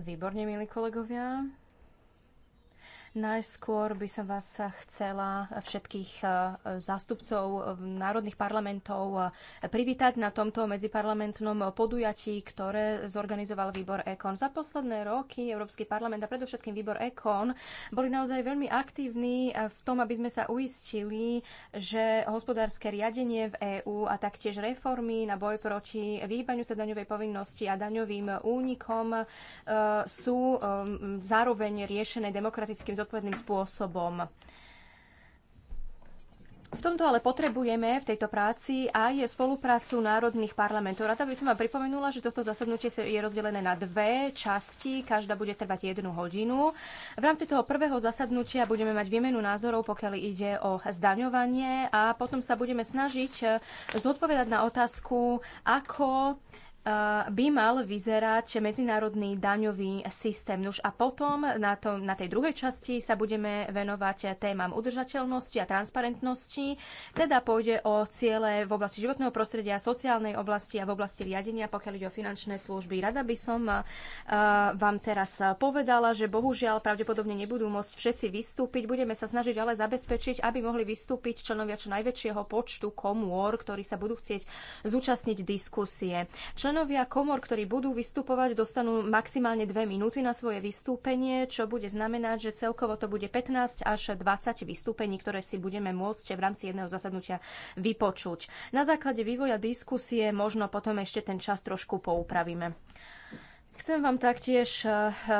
Výborne, milí kolegovia. Najskôr by som vás chcela všetkých e, zástupcov e, národných parlamentov e, privítať na tomto medziparlamentnom podujatí, ktoré zorganizoval výbor EKON. Za posledné roky Európsky parlament a predovšetkým výbor EKON boli naozaj veľmi aktívni v tom, aby sme sa uistili, že hospodárske riadenie v EÚ a taktiež reformy na boj proti vyhýbaniu sa daňovej povinnosti a daňovým únikom sú zároveň riešené demokratickým zodpovedným spôsobom. V tomto ale potrebujeme v tejto práci aj spoluprácu národných parlamentov. Rada by som vám pripomenula, že toto zasadnutie je rozdelené na dve časti, každá bude trvať jednu hodinu. V rámci toho prvého zasadnutia budeme mať výmenu názorov, pokiaľ ide o zdaňovanie a potom sa budeme snažiť zodpovedať na otázku, ako Eh, by mal vyzerať medzinárodný daňový systém. Nuž a potom na, tom, na tej druhej časti sa budeme venovať témam udržateľnosti a transparentnosti. Teda pôjde o ciele v oblasti životného prostredia, sociálnej oblasti a v oblasti riadenia, pokiaľ ide o finančné služby. Rada by som eh, vám teraz povedala, že bohužiaľ pravdepodobne nebudú môcť všetci vystúpiť. Budeme sa snažiť ale zabezpečiť, aby mohli vystúpiť členovia čo najväčšieho počtu komôr, ktorí sa budú chcieť zúčastniť diskusie. Člen Členovia komor, ktorí budú vystupovať, dostanú maximálne dve minúty na svoje vystúpenie, čo bude znamenať, že celkovo to bude 15 až 20 vystúpení, ktoré si budeme môcť v rámci jedného zasadnutia vypočuť. Na základe vývoja diskusie možno potom ešte ten čas trošku poupravíme. Chcem vám taktiež eh,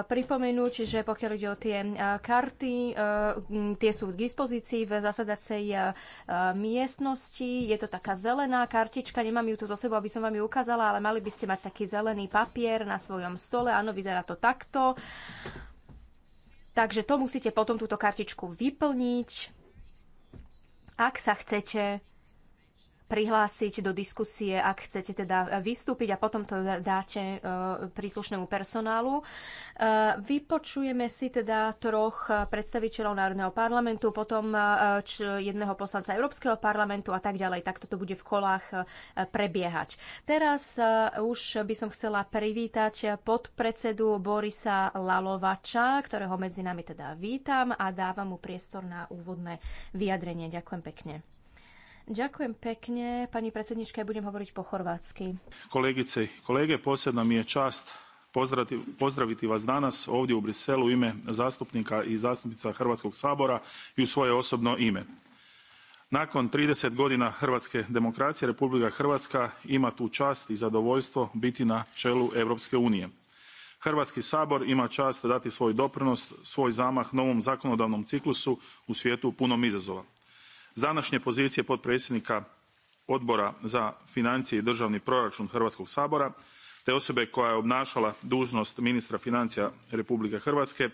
pripomenúť, že pokiaľ ide o tie eh, karty, eh, tie sú k dispozícii v zasadacej miestnosti. Je to taká zelená kartička, nemám ju tu so sebou, aby som vám ju ukázala, ale mali by ste mať taký zelený papier na svojom stole. Áno, vyzerá to takto. Takže to musíte potom túto kartičku vyplniť, ak sa chcete prihlásiť do diskusie, ak chcete teda vystúpiť a potom to dáte e, príslušnému personálu. E, vypočujeme si teda troch predstaviteľov Národného parlamentu, potom e, jedného poslanca Európskeho parlamentu a tak ďalej. Takto to bude v kolách prebiehať. Teraz už by som chcela privítať podpredsedu Borisa Lalovača, ktorého medzi nami teda vítam a dávam mu priestor na úvodné vyjadrenie. Ďakujem pekne. Ďakujem pekne. Pani predsednička, budem hovoriť po chorvátsky. Kolegice i kolege, posledná mi je čast pozdraviti vas danas ovdje u Briselu u ime zastupnika i zastupnica Hrvatskog sabora i u svoje osobno ime. Nakon 30 godina hrvatske demokracije Republika Hrvatska ima tu čast i zadovoljstvo biti na čelu Europske unije. Hrvatski sabor ima čast dati svoj doprinos, svoj zamah novom zakonodavnom ciklusu u svijetu punom izazova današnje pozicije potpredsjednika Odbora za financije i državni proračun Hrvatskog sabora, te osobe koja je obnašala dužnost ministra financija Republike Hrvatske,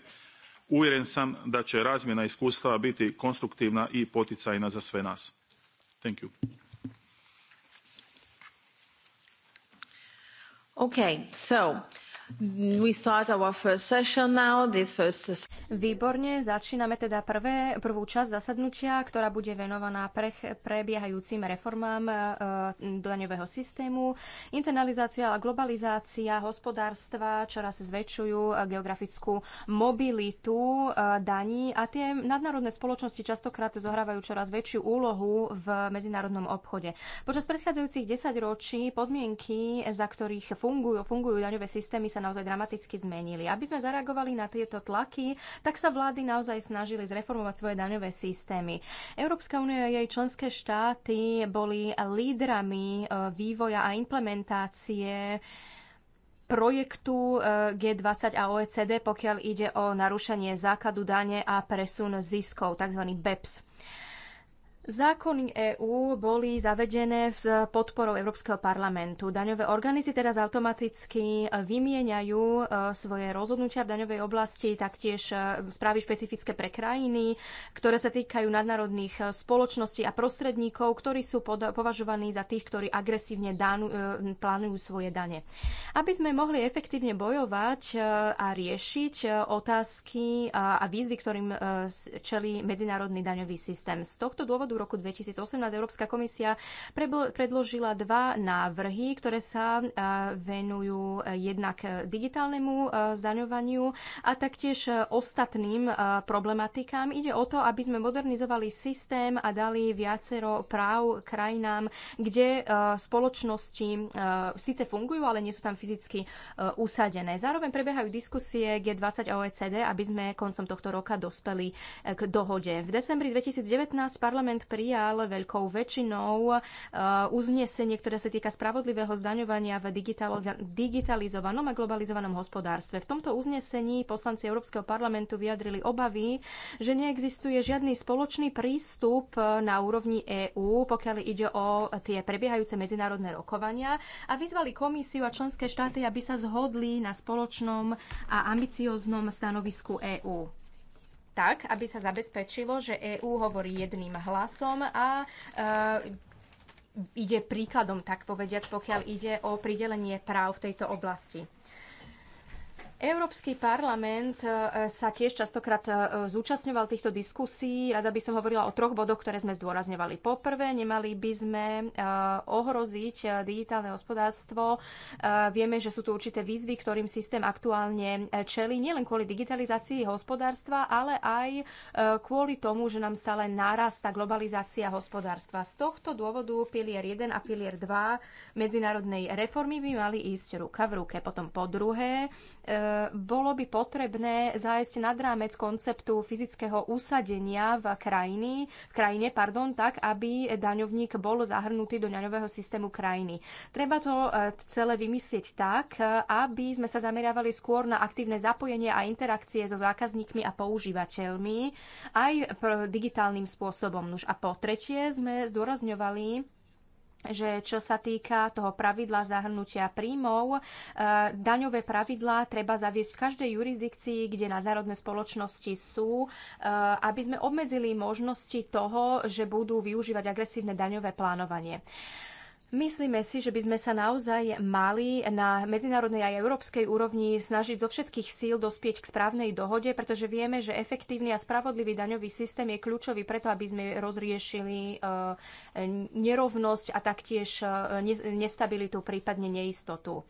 uvjeren sam da će razmjena iskustava biti konstruktivna i poticajna za sve nas. Thank you. Okay, so We start our first session now, this first... Výborne, začíname teda prvé, prvú časť zasadnutia, ktorá bude venovaná pre, prebiehajúcim reformám e, daňového systému. Internalizácia a globalizácia hospodárstva čoraz zväčšujú geografickú mobilitu e, daní a tie nadnárodné spoločnosti častokrát zohrávajú čoraz väčšiu úlohu v medzinárodnom obchode. Počas predchádzajúcich 10 ročí podmienky, za ktorých fungujú, fungujú daňové systémy, sa naozaj dramaticky zmenili. Aby sme zareagovali na tieto tlaky, tak sa vlády naozaj snažili zreformovať svoje daňové systémy. Európska únia a jej členské štáty boli lídrami e, vývoja a implementácie projektu e, G20 a OECD, pokiaľ ide o narušenie základu dane a presun ziskov, tzv. BEPS. Zákony EÚ boli zavedené s podporou Európskeho parlamentu. Daňové orgány si teraz automaticky vymieňajú e, svoje rozhodnutia v daňovej oblasti, taktiež e, správy špecifické pre krajiny, ktoré sa týkajú nadnárodných e, spoločností a prostredníkov, ktorí sú považovaní za tých, ktorí agresívne plánujú svoje dane. Aby sme mohli efektívne bojovať a riešiť otázky a výzvy, ktorým čelí medzinárodný daňový systém. Z tohto dôvodu v roku 2018 Európska komisia predložila dva návrhy, ktoré sa venujú jednak digitálnemu zdaňovaniu a taktiež ostatným problematikám. Ide o to, aby sme modernizovali systém a dali viacero práv krajinám, kde spoločnosti síce fungujú, ale nie sú tam fyzicky usadené. Zároveň prebiehajú diskusie G20 a OECD, aby sme koncom tohto roka dospeli e, k dohode. V decembri 2019 parlament prijal veľkou väčšinou eh, uznesenie, ktoré sa týka spravodlivého zdaňovania v digitalizovanom a globalizovanom hospodárstve. V tomto uznesení poslanci Európskeho parlamentu vyjadrili obavy, že neexistuje žiadny spoločný prístup eh, na úrovni EÚ, pokiaľ ide o tie prebiehajúce medzinárodné rokovania a vyzvali komisiu a členské štáty, aby sa zhodli na spoločnom a ambicioznom stanovisku EÚ tak, aby sa zabezpečilo, že EÚ hovorí jedným hlasom a e, ide príkladom, tak povediac, pokiaľ ide o pridelenie práv v tejto oblasti. Európsky parlament e, sa tiež častokrát e, zúčastňoval týchto diskusí. Rada by som hovorila o troch bodoch, ktoré sme zdôrazňovali. Poprvé, nemali by sme e, ohroziť digitálne hospodárstvo. Vieme, že sú tu určité výzvy, ktorým systém aktuálne čelí, nielen kvôli digitalizácii hospodárstva, ale aj kvôli tomu, že nám stále narastá globalizácia hospodárstva. Z tohto dôvodu pilier 1 a pilier 2 medzinárodnej reformy by mali ísť ruka v ruke. Potom po druhé, bolo by potrebné zájsť nad rámec konceptu fyzického usadenia v, krajiny, v krajine, pardon, tak, aby daňovník bol zahrnutý do daňového systému krajiny. Treba to e, celé vymyslieť tak, e, aby sme sa zameriavali skôr na aktívne zapojenie a interakcie so zákazníkmi a používateľmi aj digitálnym spôsobom. Nuž a po tretie sme zdôrazňovali, že čo sa týka toho pravidla zahrnutia príjmov, e, daňové pravidlá treba zaviesť v každej jurisdikcii, kde nadnárodné spoločnosti sú, e, aby sme obmedzili možnosti toho, že budú využívať agresívne daňové plánovanie. Myslíme si, že by sme sa naozaj mali na medzinárodnej aj európskej úrovni snažiť zo všetkých síl dospieť k správnej dohode, pretože vieme, že efektívny a spravodlivý daňový systém je kľúčový preto, aby sme rozriešili eh, nerovnosť a taktiež eh, nestabilitu, prípadne neistotu.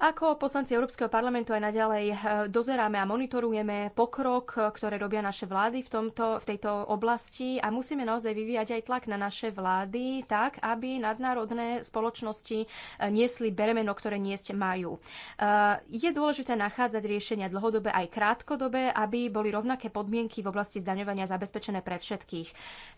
Ako poslanci Európskeho parlamentu aj naďalej eh, dozeráme a monitorujeme pokrok, eh, ktoré robia naše vlády v, tomto, v tejto oblasti a musíme naozaj vyvíjať aj tlak na naše vlády tak, aby nadnárodné spoločnosti eh, niesli beremeno, ktoré niesť majú. Je dôležité nachádzať riešenia dlhodobé aj krátkodobé, aby boli rovnaké podmienky v oblasti zdaňovania zabezpečené pre všetkých.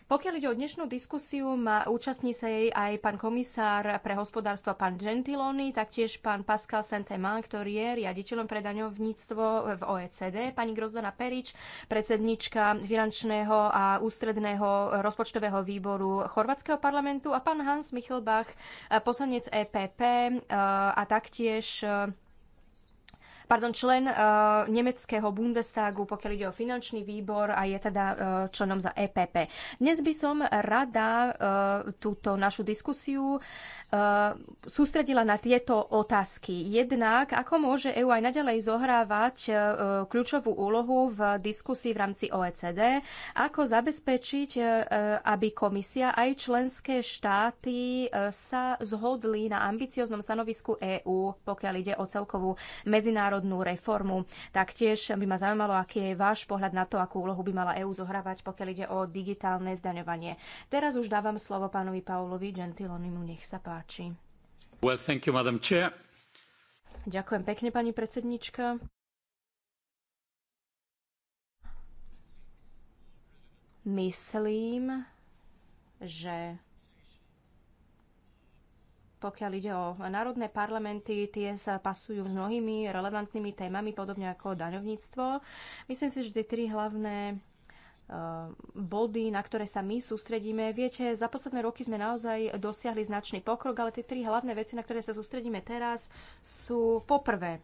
Pokiaľ ide o dnešnú diskusiu, má účastní sa jej aj pán komisár pre hospodárstvo, pán Gentiloni, taktiež pán Pascal Santema, ktorý je riaditeľom pre daňovníctvo v OECD, pani Grozdana Perič, predsednička finančného a ústredného rozpočtového výboru Chorvatského parlamentu a pán Hans Michelbach, poslanec EPP a taktiež pardon, člen uh, nemeckého Bundestagu, pokiaľ ide o finančný výbor a je teda uh, členom za EPP. Dnes by som rada uh, túto našu diskusiu uh, sústredila na tieto otázky. Jednak, ako môže EU aj naďalej zohrávať uh, kľúčovú úlohu v diskusii v rámci OECD, ako zabezpečiť, uh, aby komisia aj členské štáty uh, sa zhodli na ambicioznom stanovisku EÚ, pokiaľ ide o celkovú medzinárodnú dôchodnú reformu. Taktiež by ma zaujímalo, aký je váš pohľad na to, akú úlohu by mala EÚ zohrávať, pokiaľ ide o digitálne zdaňovanie. Teraz už dávam slovo pánovi Paulovi Gentilonimu, nech sa páči. Well, thank you, Madam Chair. Ďakujem pekne, pani predsednička. Myslím, že pokiaľ ide o národné parlamenty, tie sa pasujú s mnohými relevantnými témami, podobne ako daňovníctvo. Myslím si, že tie tri hlavné eh, body, na ktoré sa my sústredíme. Viete, za posledné roky sme naozaj dosiahli značný pokrok, ale tie tri hlavné veci, na ktoré sa sústredíme teraz, sú poprvé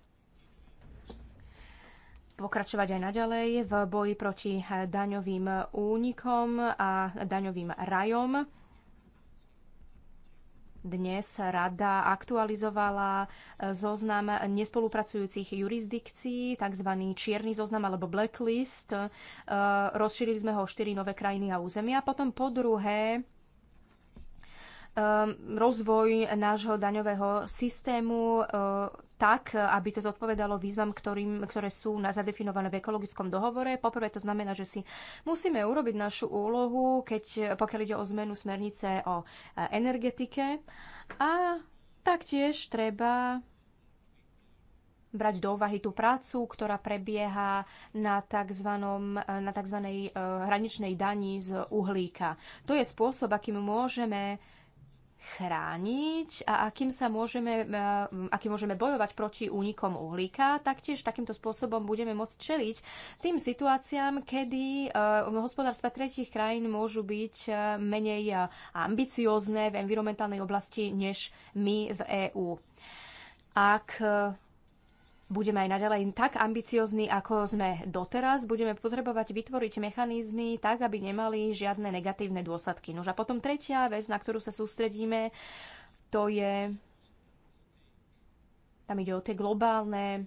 pokračovať aj naďalej v boji proti daňovým únikom a daňovým rajom. Dnes rada aktualizovala e, zoznam nespolupracujúcich jurisdikcií, tzv. čierny zoznam alebo blacklist. E, rozšírili sme ho o štyri nové krajiny a územia. Potom po druhé, Ehm, rozvoj nášho daňového systému ehm, tak, aby to zodpovedalo výzvam, ktorým, ktoré sú na zadefinované v ekologickom dohovore. Poprvé to znamená, že si musíme urobiť našu úlohu, keď, pokiaľ ide o zmenu smernice o e, energetike. A taktiež treba brať do úvahy tú prácu, ktorá prebieha na tzv. E, na tzv. E, hraničnej dani z uhlíka. To je spôsob, akým môžeme uh, chrániť a akým sa môžeme, e, aký môžeme bojovať proti únikom uhlíka. Taktiež takýmto spôsobom budeme môcť čeliť tým situáciám, kedy e, hospodárstva tretich krajín môžu byť e, menej ambiciózne v environmentálnej oblasti než my v EÚ. Ak budeme aj naďalej tak ambiciozní, ako sme doteraz, budeme potrebovať vytvoriť mechanizmy tak, aby nemali žiadne negatívne dôsledky. Nož a potom tretia vec, na ktorú sa sústredíme, to je... Tam ide o tie globálne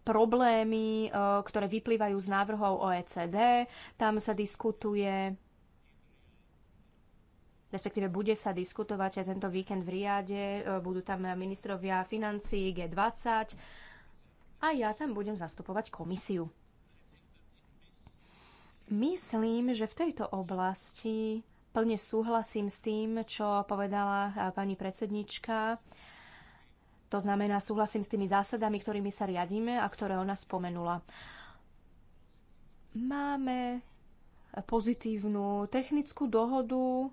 problémy, e, ktoré vyplývajú z návrhov OECD. Tam sa diskutuje respektíve bude sa diskutovať aj tento víkend v Riade, e, budú tam ministrovia financií G20 a ja tam budem zastupovať komisiu. Myslím, že v tejto oblasti plne súhlasím s tým, čo povedala eh, pani predsednička. To znamená, súhlasím s tými zásadami, ktorými sa riadíme a ktoré ona spomenula. Máme pozitívnu technickú dohodu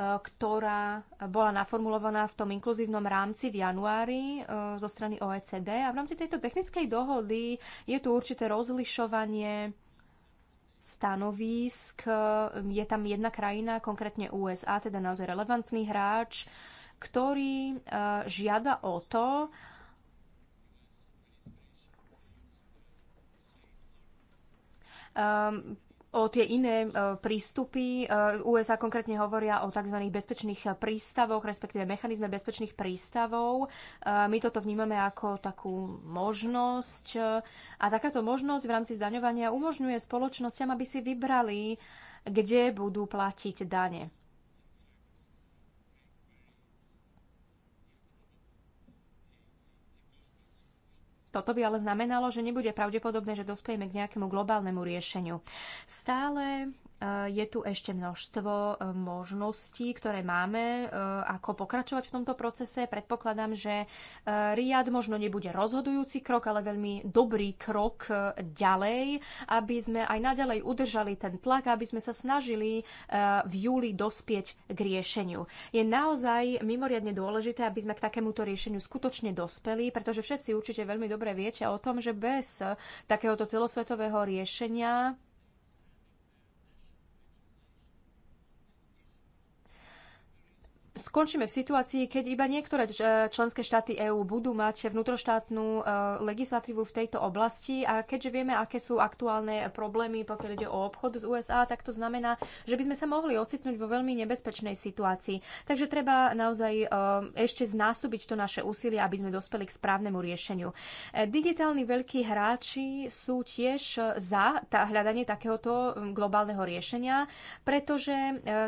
ktorá bola naformulovaná v tom inkluzívnom rámci v januári e, zo strany OECD. A v rámci tejto technickej dohody je tu určité rozlišovanie stanovísk. E, je tam jedna krajina, konkrétne USA, teda naozaj relevantný hráč, ktorý e, žiada o to, um, o tie iné e, prístupy. E, USA konkrétne hovoria o tzv. bezpečných prístavoch, respektíve mechanizme bezpečných prístavov. E, my toto vnímame ako takú možnosť a takáto možnosť v rámci zdaňovania umožňuje spoločnosťam, aby si vybrali, kde budú platiť dane. Toto by ale znamenalo, že nebude pravdepodobné, že dospejeme k nejakému globálnemu riešeniu. Stále je tu ešte množstvo e, možností, ktoré máme, e, ako pokračovať v tomto procese. Predpokladám, že e, Riad možno nebude rozhodujúci krok, ale veľmi dobrý krok ďalej, aby sme aj naďalej udržali ten tlak, aby sme sa snažili v júli dospieť k riešeniu. Je naozaj mimoriadne dôležité, aby sme k takémuto riešeniu skutočne dospeli, pretože všetci určite veľmi dobre viete o tom, že bez takéhoto celosvetového riešenia skončíme v situácii, keď iba niektoré členské štáty EÚ budú mať vnútroštátnu e, legislatívu v tejto oblasti a keďže vieme, aké sú aktuálne problémy, pokiaľ ide o obchod z USA, tak to znamená, že by sme sa mohli ocitnúť vo veľmi nebezpečnej situácii. Takže treba naozaj e, ešte znásobiť to naše úsilie, aby sme dospeli k správnemu riešeniu. E, digitálni veľkí hráči sú tiež za hľadanie takéhoto globálneho riešenia, pretože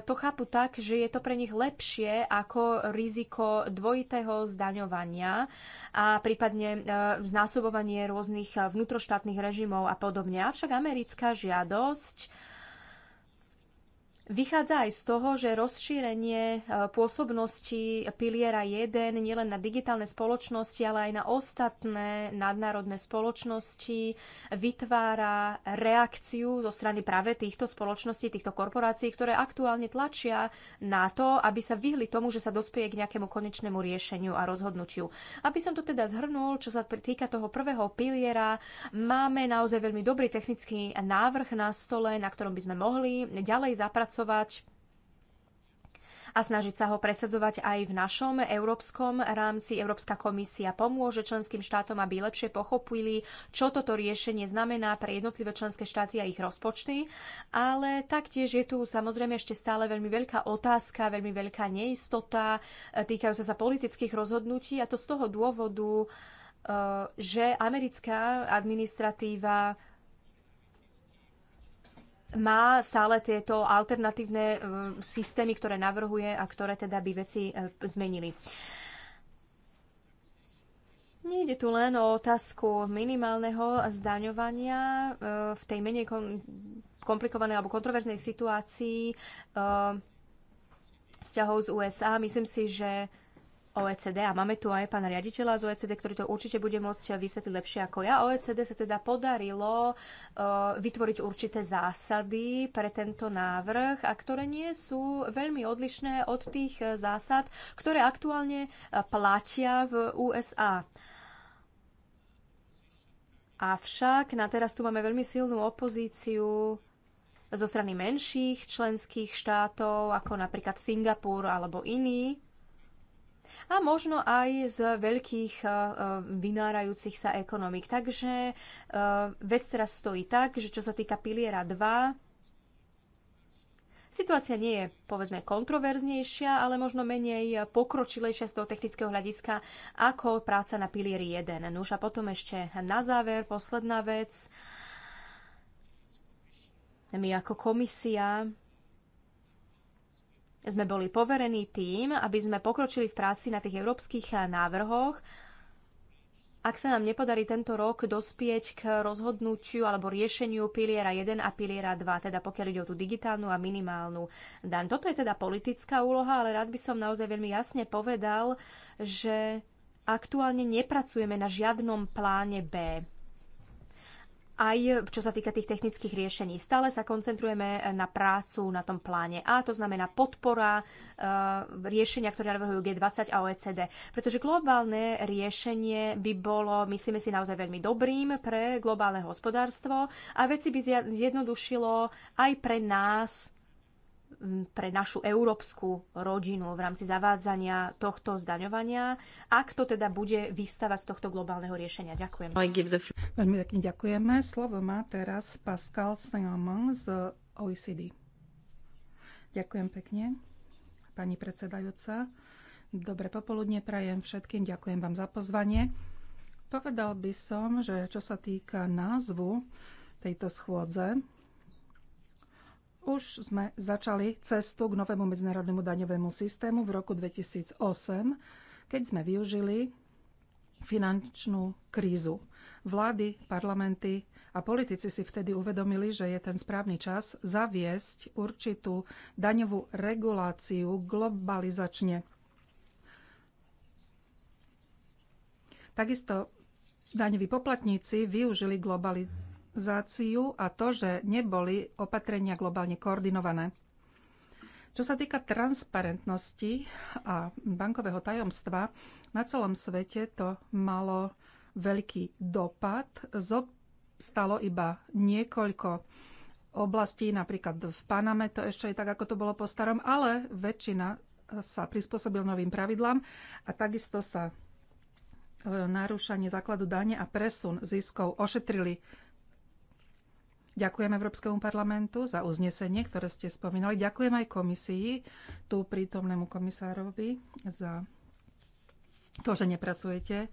to chápu tak, že je to pre nich lepšie ako riziko dvojitého zdaňovania a prípadne e, znásobovanie rôznych e, vnútroštátnych režimov a podobne. Avšak americká žiadosť Vychádza aj z toho, že rozšírenie e, pôsobnosti piliera 1 nielen na digitálne spoločnosti, ale aj na ostatné nadnárodné spoločnosti vytvára reakciu zo strany práve týchto spoločností, týchto korporácií, ktoré aktuálne tlačia na to, aby sa vyhli tomu, že sa dospieje k nejakému konečnému riešeniu a rozhodnutiu. Aby som to teda zhrnul, čo sa týka toho prvého piliera, máme naozaj veľmi dobrý technický návrh na stole, na ktorom by sme mohli ďalej zapracovať pracovať a snažiť sa ho presadzovať aj v našom európskom rámci. Európska komisia pomôže členským štátom, aby lepšie pochopili, čo toto riešenie znamená pre jednotlivé členské štáty a ich rozpočty. Ale taktiež je tu samozrejme ešte stále veľmi veľká otázka, veľmi veľká neistota, e, týkajú sa politických rozhodnutí a to z toho dôvodu, e, že americká administratíva má stále tieto alternatívne e, systémy, ktoré navrhuje a ktoré teda by veci e, zmenili. Nejde tu len o otázku minimálneho zdaňovania e, v tej menej komplikovanej alebo kontroverznej situácii vzťahov z USA. Myslím si, že OECD a máme tu aj pána riaditeľa z OECD, ktorý to určite bude môcť vysvetliť lepšie ako ja. OECD sa teda podarilo uh, vytvoriť určité zásady pre tento návrh a ktoré nie sú veľmi odlišné od tých zásad, ktoré aktuálne e, platia v USA. Avšak na teraz tu máme veľmi silnú opozíciu zo strany menších členských štátov, ako napríklad Singapur alebo iní, a možno aj z veľkých eh, eh, vynárajúcich sa ekonomik. Takže eh, vec teraz stojí tak, že čo sa týka piliera 2, Situácia nie je, povedzme, kontroverznejšia, ale možno menej pokročilejšia z toho technického hľadiska ako práca na pilieri 1. Nuž a potom ešte na záver posledná vec. My ako komisia sme boli poverení tým, aby sme pokročili v práci na tých európskych návrhoch. Ak sa nám nepodarí tento rok dospieť k rozhodnutiu alebo riešeniu piliera 1 a piliera 2, teda pokiaľ ide o tú digitálnu a minimálnu daň. Toto je teda politická úloha, ale rád by som naozaj veľmi jasne povedal, že aktuálne nepracujeme na žiadnom pláne B aj čo sa týka tých technických riešení. Stále sa koncentrujeme na prácu na tom pláne A, to znamená podpora e, riešenia, ktoré navrhujú G20 a OECD. Pretože globálne riešenie by bolo, myslíme si, naozaj veľmi dobrým pre globálne hospodárstvo a veci by zjednodušilo aj pre nás pre našu európsku rodinu v rámci zavádzania tohto zdaňovania, ak to teda bude vyvstávať z tohto globálneho riešenia. Ďakujem. Veľmi pekne ďakujeme. Slovo má teraz Pascal saint z OECD. Ďakujem pekne, pani predsedajúca. Dobre popoludne prajem všetkým. Ďakujem vám za pozvanie. Povedal by som, že čo sa týka názvu tejto schôdze, už sme začali cestu k novému medzinárodnému daňovému systému v roku 2008, keď sme využili finančnú krízu. Vlády, parlamenty a politici si vtedy uvedomili, že je ten správny čas zaviesť určitú daňovú reguláciu globalizačne. Takisto daňoví poplatníci využili globalizáciu globalizáciu a to, že neboli opatrenia globálne koordinované. Čo sa týka transparentnosti a bankového tajomstva, na celom svete to malo veľký dopad. Zostalo iba niekoľko oblastí, napríklad v Paname to ešte je tak, ako to bolo po starom, ale väčšina sa prispôsobil novým pravidlám a takisto sa e, narúšanie základu dane a presun ziskov ošetrili Ďakujem Európskemu parlamentu za uznesenie, ktoré ste spomínali. Ďakujem aj komisii, tu prítomnému komisárovi, za to, že nepracujete,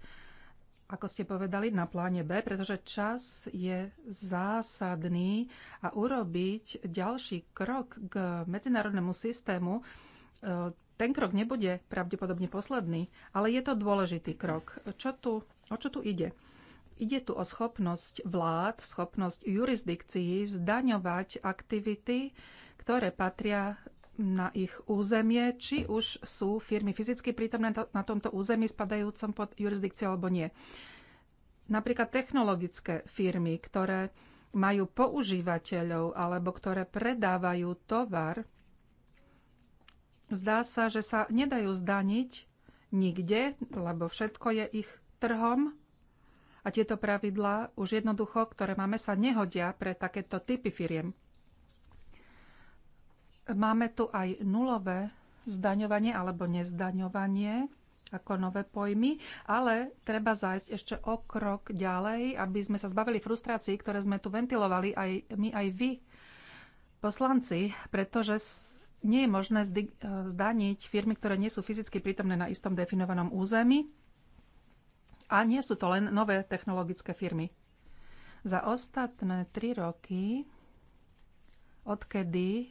ako ste povedali, na pláne B, pretože čas je zásadný a urobiť ďalší krok k medzinárodnému systému, e, ten krok nebude pravdepodobne posledný, ale je to dôležitý krok. Čo tu, o čo tu ide? Ide tu o schopnosť vlád, schopnosť jurisdikcií zdaňovať aktivity, ktoré patria na ich územie, či už sú firmy fyzicky prítomné na tomto území spadajúcom pod jurisdikciu alebo nie. Napríklad technologické firmy, ktoré majú používateľov alebo ktoré predávajú tovar, zdá sa, že sa nedajú zdaniť nikde, lebo všetko je ich trhom a tieto pravidlá už jednoducho, ktoré máme, sa nehodia pre takéto typy firiem. Máme tu aj nulové zdaňovanie alebo nezdaňovanie ako nové pojmy, ale treba zájsť ešte o krok ďalej, aby sme sa zbavili frustrácií, ktoré sme tu ventilovali aj my, aj vy, poslanci, pretože nie je možné eh, zdaniť firmy, ktoré nie sú fyzicky prítomné na istom definovanom území. A nie sú to len nové technologické firmy. Za ostatné tri roky, odkedy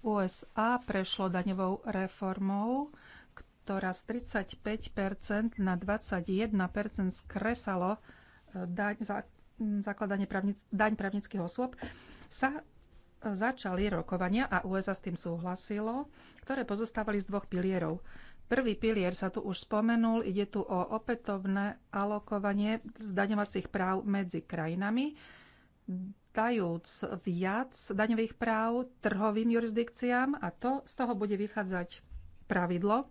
USA prešlo daňovou reformou, ktorá z 35 na 21 skresalo e, daň, za, základanie pravnic, daň právnických osôb, sa e, začali rokovania a USA s tým súhlasilo, ktoré pozostávali z dvoch pilierov. Prvý pilier sa tu už spomenul, ide tu o opätovné alokovanie zdaňovacích práv medzi krajinami, dajúc viac daňových práv trhovým jurisdikciám a to z toho bude vychádzať pravidlo,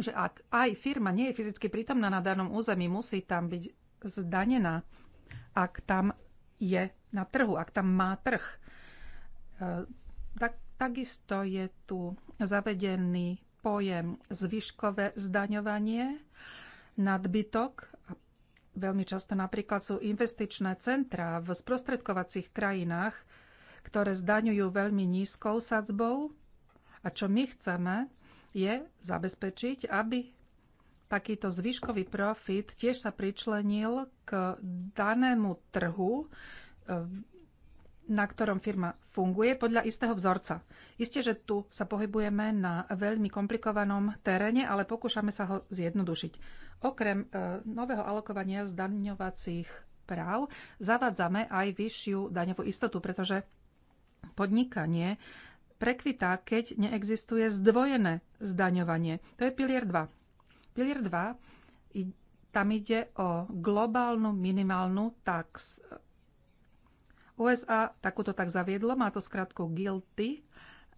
že ak aj firma nie je fyzicky prítomná na danom území, musí tam byť zdanená, ak tam je na trhu, ak tam má trh. E, tak, takisto je tu zavedený pojem zvyškové zdaňovanie, nadbytok. A veľmi často napríklad sú investičné centrá v sprostredkovacích krajinách, ktoré zdaňujú veľmi nízkou sadzbou. A čo my chceme, je zabezpečiť, aby takýto zvyškový profit tiež sa pričlenil k danému trhu na ktorom firma funguje podľa istého vzorca. Isté, že tu sa pohybujeme na veľmi komplikovanom teréne, ale pokúšame sa ho zjednodušiť. Okrem e, nového alokovania zdaňovacích práv zavádzame aj vyššiu daňovú istotu, pretože podnikanie prekvitá, keď neexistuje zdvojené zdaňovanie. To je pilier 2. Pilier 2 tam ide o globálnu minimálnu tax, USA takúto tak zaviedlo, má to skratku guilty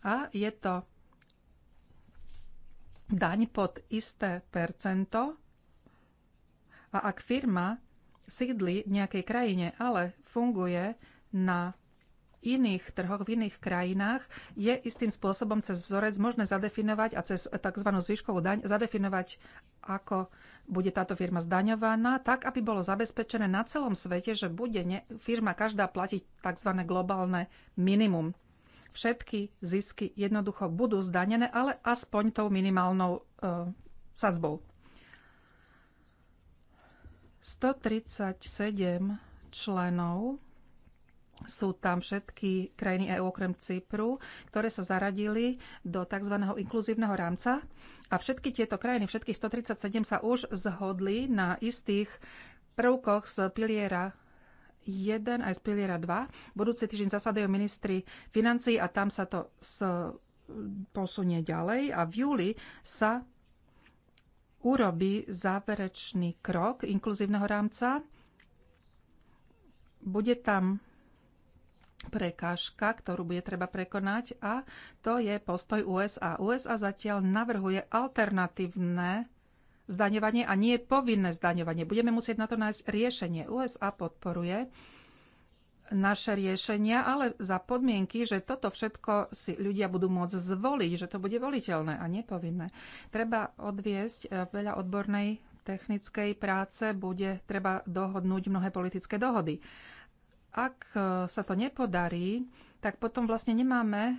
a je to daň pod isté percento a ak firma sídli v nejakej krajine, ale funguje na iných trhoch, v iných krajinách, je istým spôsobom cez vzorec možné zadefinovať a cez tzv. zvyškovú daň zadefinovať, ako bude táto firma zdaňovaná, tak aby bolo zabezpečené na celom svete, že bude ne, firma každá platiť tzv. globálne minimum. Všetky zisky jednoducho budú zdanené, ale aspoň tou minimálnou e, sadzbou. 137 členov sú tam všetky krajiny EÚ okrem Cypru, ktoré sa zaradili do tzv. inkluzívneho rámca. A všetky tieto krajiny, všetkých 137 sa už zhodli na istých prvkoch z piliera 1 aj z piliera 2. Budúci týždeň zasadajú ministri financí a tam sa to posunie ďalej. A v júli sa urobí záverečný krok inkluzívneho rámca. Bude tam prekážka, ktorú bude treba prekonať a to je postoj USA. USA zatiaľ navrhuje alternatívne zdaňovanie a nie povinné zdaňovanie. Budeme musieť na to nájsť riešenie. USA podporuje naše riešenia, ale za podmienky, že toto všetko si ľudia budú môcť zvoliť, že to bude voliteľné a nepovinné. Treba odviesť e, veľa odbornej technickej práce, bude treba dohodnúť mnohé politické dohody. Ak e, sa to nepodarí, tak potom vlastne nemáme e,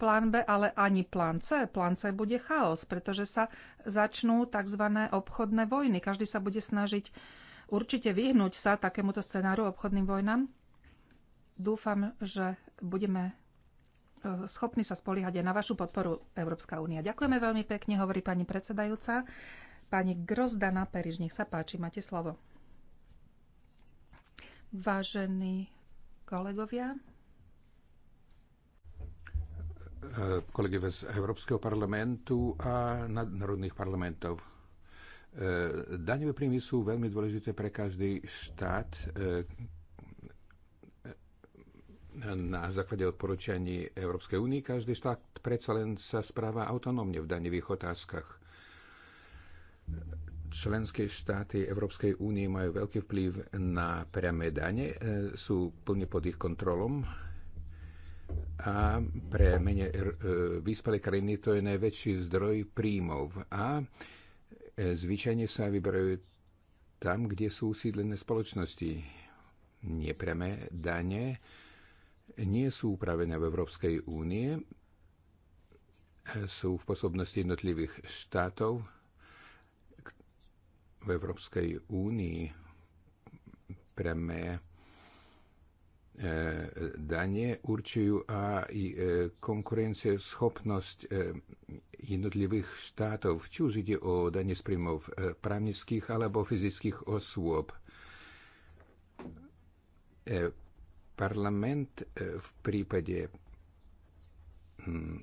plán B, ale ani plán C. Plán C bude chaos, pretože sa začnú tzv. obchodné vojny. Každý sa bude snažiť určite vyhnúť sa takémuto scenáru obchodným vojnám. Dúfam, že budeme e, schopní sa spoliehať aj na vašu podporu Európska únia. Ďakujeme veľmi pekne, hovorí pani predsedajúca. Pani Grozdana Periž, nech sa páči, máte slovo. Vážení kolegovia, eh, kolegovia z Európskeho parlamentu a národných parlamentov. Eh, daňové príjmy sú veľmi dôležité pre každý štát. Eh, na základe odporúčaní Európskej únie každý štát predsa len sa správa autonómne v daňových otázkach členské štáty Európskej únie majú veľký vplyv na priame dane, e, sú plne pod ich kontrolom a pre menej e, vyspelé krajiny to je najväčší zdroj príjmov a e, zvyčajne sa vyberajú tam, kde sú usídlené spoločnosti. Nepreme dane nie sú upravené v Európskej únie, sú v posobnosti jednotlivých štátov, v Európskej únii preme e, dane určujú a i e, schopnosť e, jednotlivých štátov, či už ide o dane z príjmov právnických alebo fyzických osôb. Parlament v prípade hm,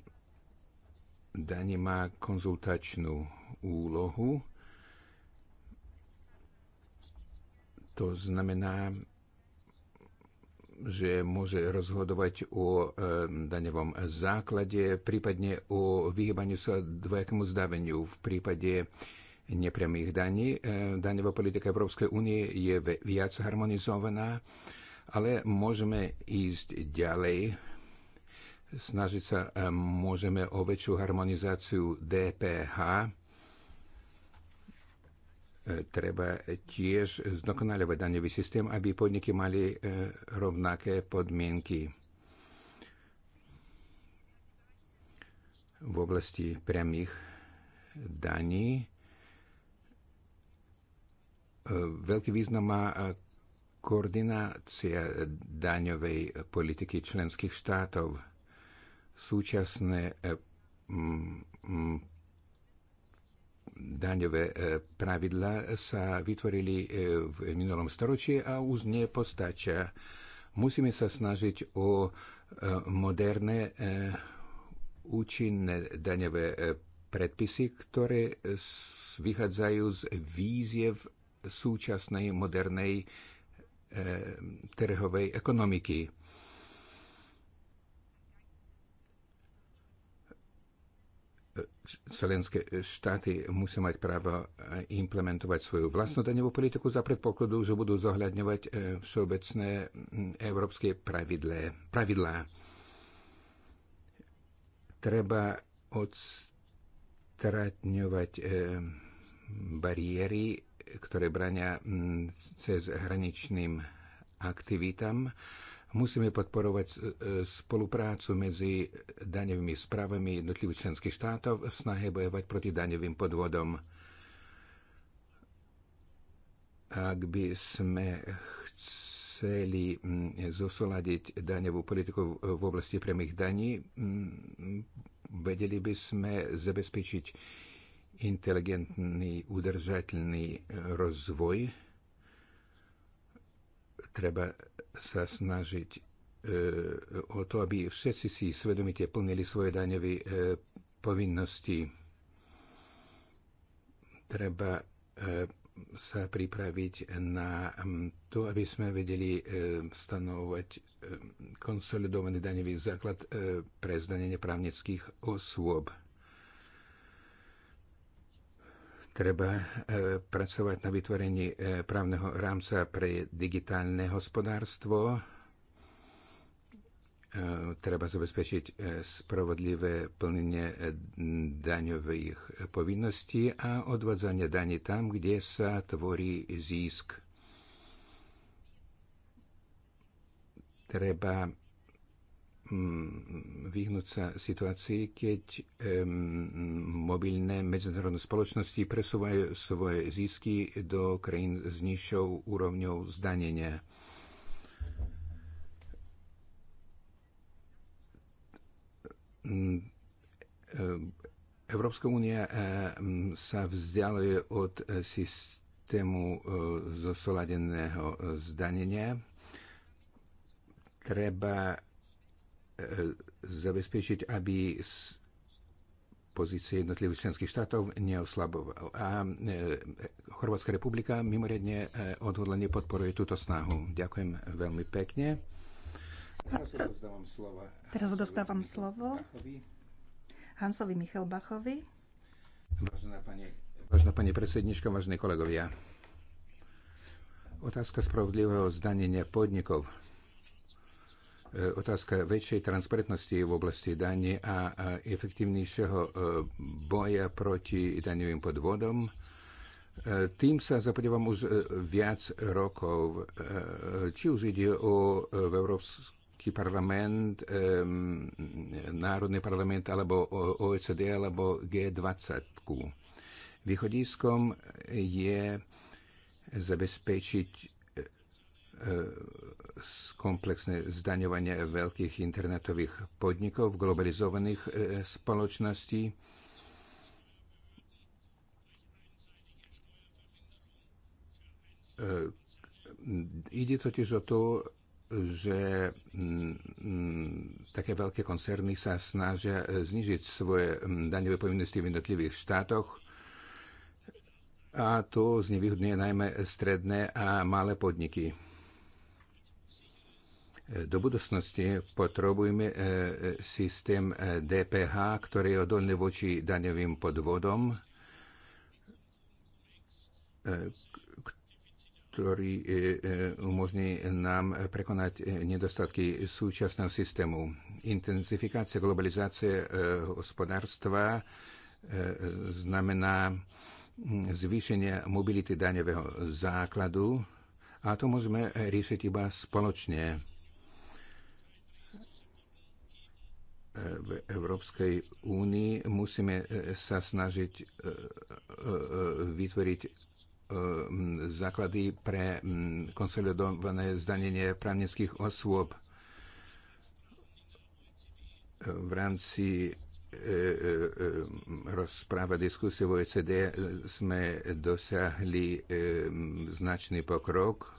dane má konzultačnú úlohu To znamená, že môže rozhodovať o e, daňovom základe, prípadne o vyhýbaniu sa dvojakému zdaveniu. V prípade nepriamých daní e, daňová politika Európskej únie je viac harmonizovaná, ale môžeme ísť ďalej. Snažiť sa e, môžeme o väčšiu harmonizáciu DPH E, treba tiež zdokonalovať daňový systém, aby podniky mali e, rovnaké podmienky. V oblasti priamých daní e, veľký význam má koordinácia daňovej politiky členských štátov. Súčasné daňové e, pravidla sa vytvorili e, v minulom storočí a už nepostačia. Musíme sa snažiť o e, moderné účinné daňové predpisy, ktoré vychádzajú z v súčasnej modernej trhovej ekonomiky členské štáty musia mať právo e, implementovať svoju vlastnú daňovú politiku za predpokladu, že budú zohľadňovať e, všeobecné európske pravidlé, pravidlá. Treba odstratňovať e, bariéry, ktoré brania cez hraničným aktivitám Musíme podporovať e, e, spoluprácu medzi daňovými správami jednotlivých členských štátov v snahe bojovať proti daňovým podvodom. Ak by sme chceli zosoladiť daňovú politiku v oblasti priamých daní, vedeli by sme zabezpečiť inteligentný, udržateľný rozvoj Treba sa snažiť e, o to, aby všetci si svedomite plnili svoje daňové e, povinnosti. Treba e, sa pripraviť na to, aby sme vedeli stanovať konsolidovaný daňový základ pre zdanenie právnických osôb. Treba e, pracovať na vytvorení e, právneho rámca pre digitálne hospodárstvo. E, treba zabezpečiť spravodlivé plnenie daňových povinností a odvádzanie daní tam, kde sa tvorí zisk. Treba Mm, vyhnúť sa situácii, keď mobilné medzinárodné spoločnosti presúvajú svoje zisky do krajín s nižšou úrovňou zdanenia. Mm, Európska únia sa vzdialuje od systému e, zosoladeného e, zdanenia. Treba E, zabezpečiť, aby pozície jednotlivých členských štátov neoslaboval. A e, Chorvátska republika mimoriadne e, odhodlane podporuje túto snahu. Ďakujem veľmi pekne. Teraz odovzdávam slovo Hansovi Michal Bachovi. Vážená pani, vážená pani predsednička, vážení kolegovia. Otázka spravodlivého zdanenia podnikov E, otázka väčšej transparentnosti v oblasti daní a efektívnejšieho e, boja proti daňovým podvodom. E, tým sa zapodívam už viac rokov, či už ide o Európsky parlament, Národný parlament, alebo OECD, alebo G20. Východiskom je zabezpečiť E, komplexné zdaňovanie veľkých internetových podnikov, globalizovaných e, spoločností. E, ide totiž o to, že mm, také veľké koncerny sa snažia znižiť svoje daňové povinnosti v jednotlivých štátoch a to znevýhodňuje najmä stredné a malé podniky. Do budúcnosti potrebujeme e, e, systém e, DPH, ktorý je odolný voči daňovým podvodom, ktorý umožní nám prekonať nedostatky súčasného systému. Intenzifikácia globalizácie hospodárstva znamená mm, zvýšenie mobility daňového základu a to môžeme riešiť iba spoločne v Európskej únii musíme e, sa snažiť e, e, vytvoriť základy pre konsolidované zdanenie právnických osôb v rámci rozpráva diskusie v OECD sme dosiahli značný pokrok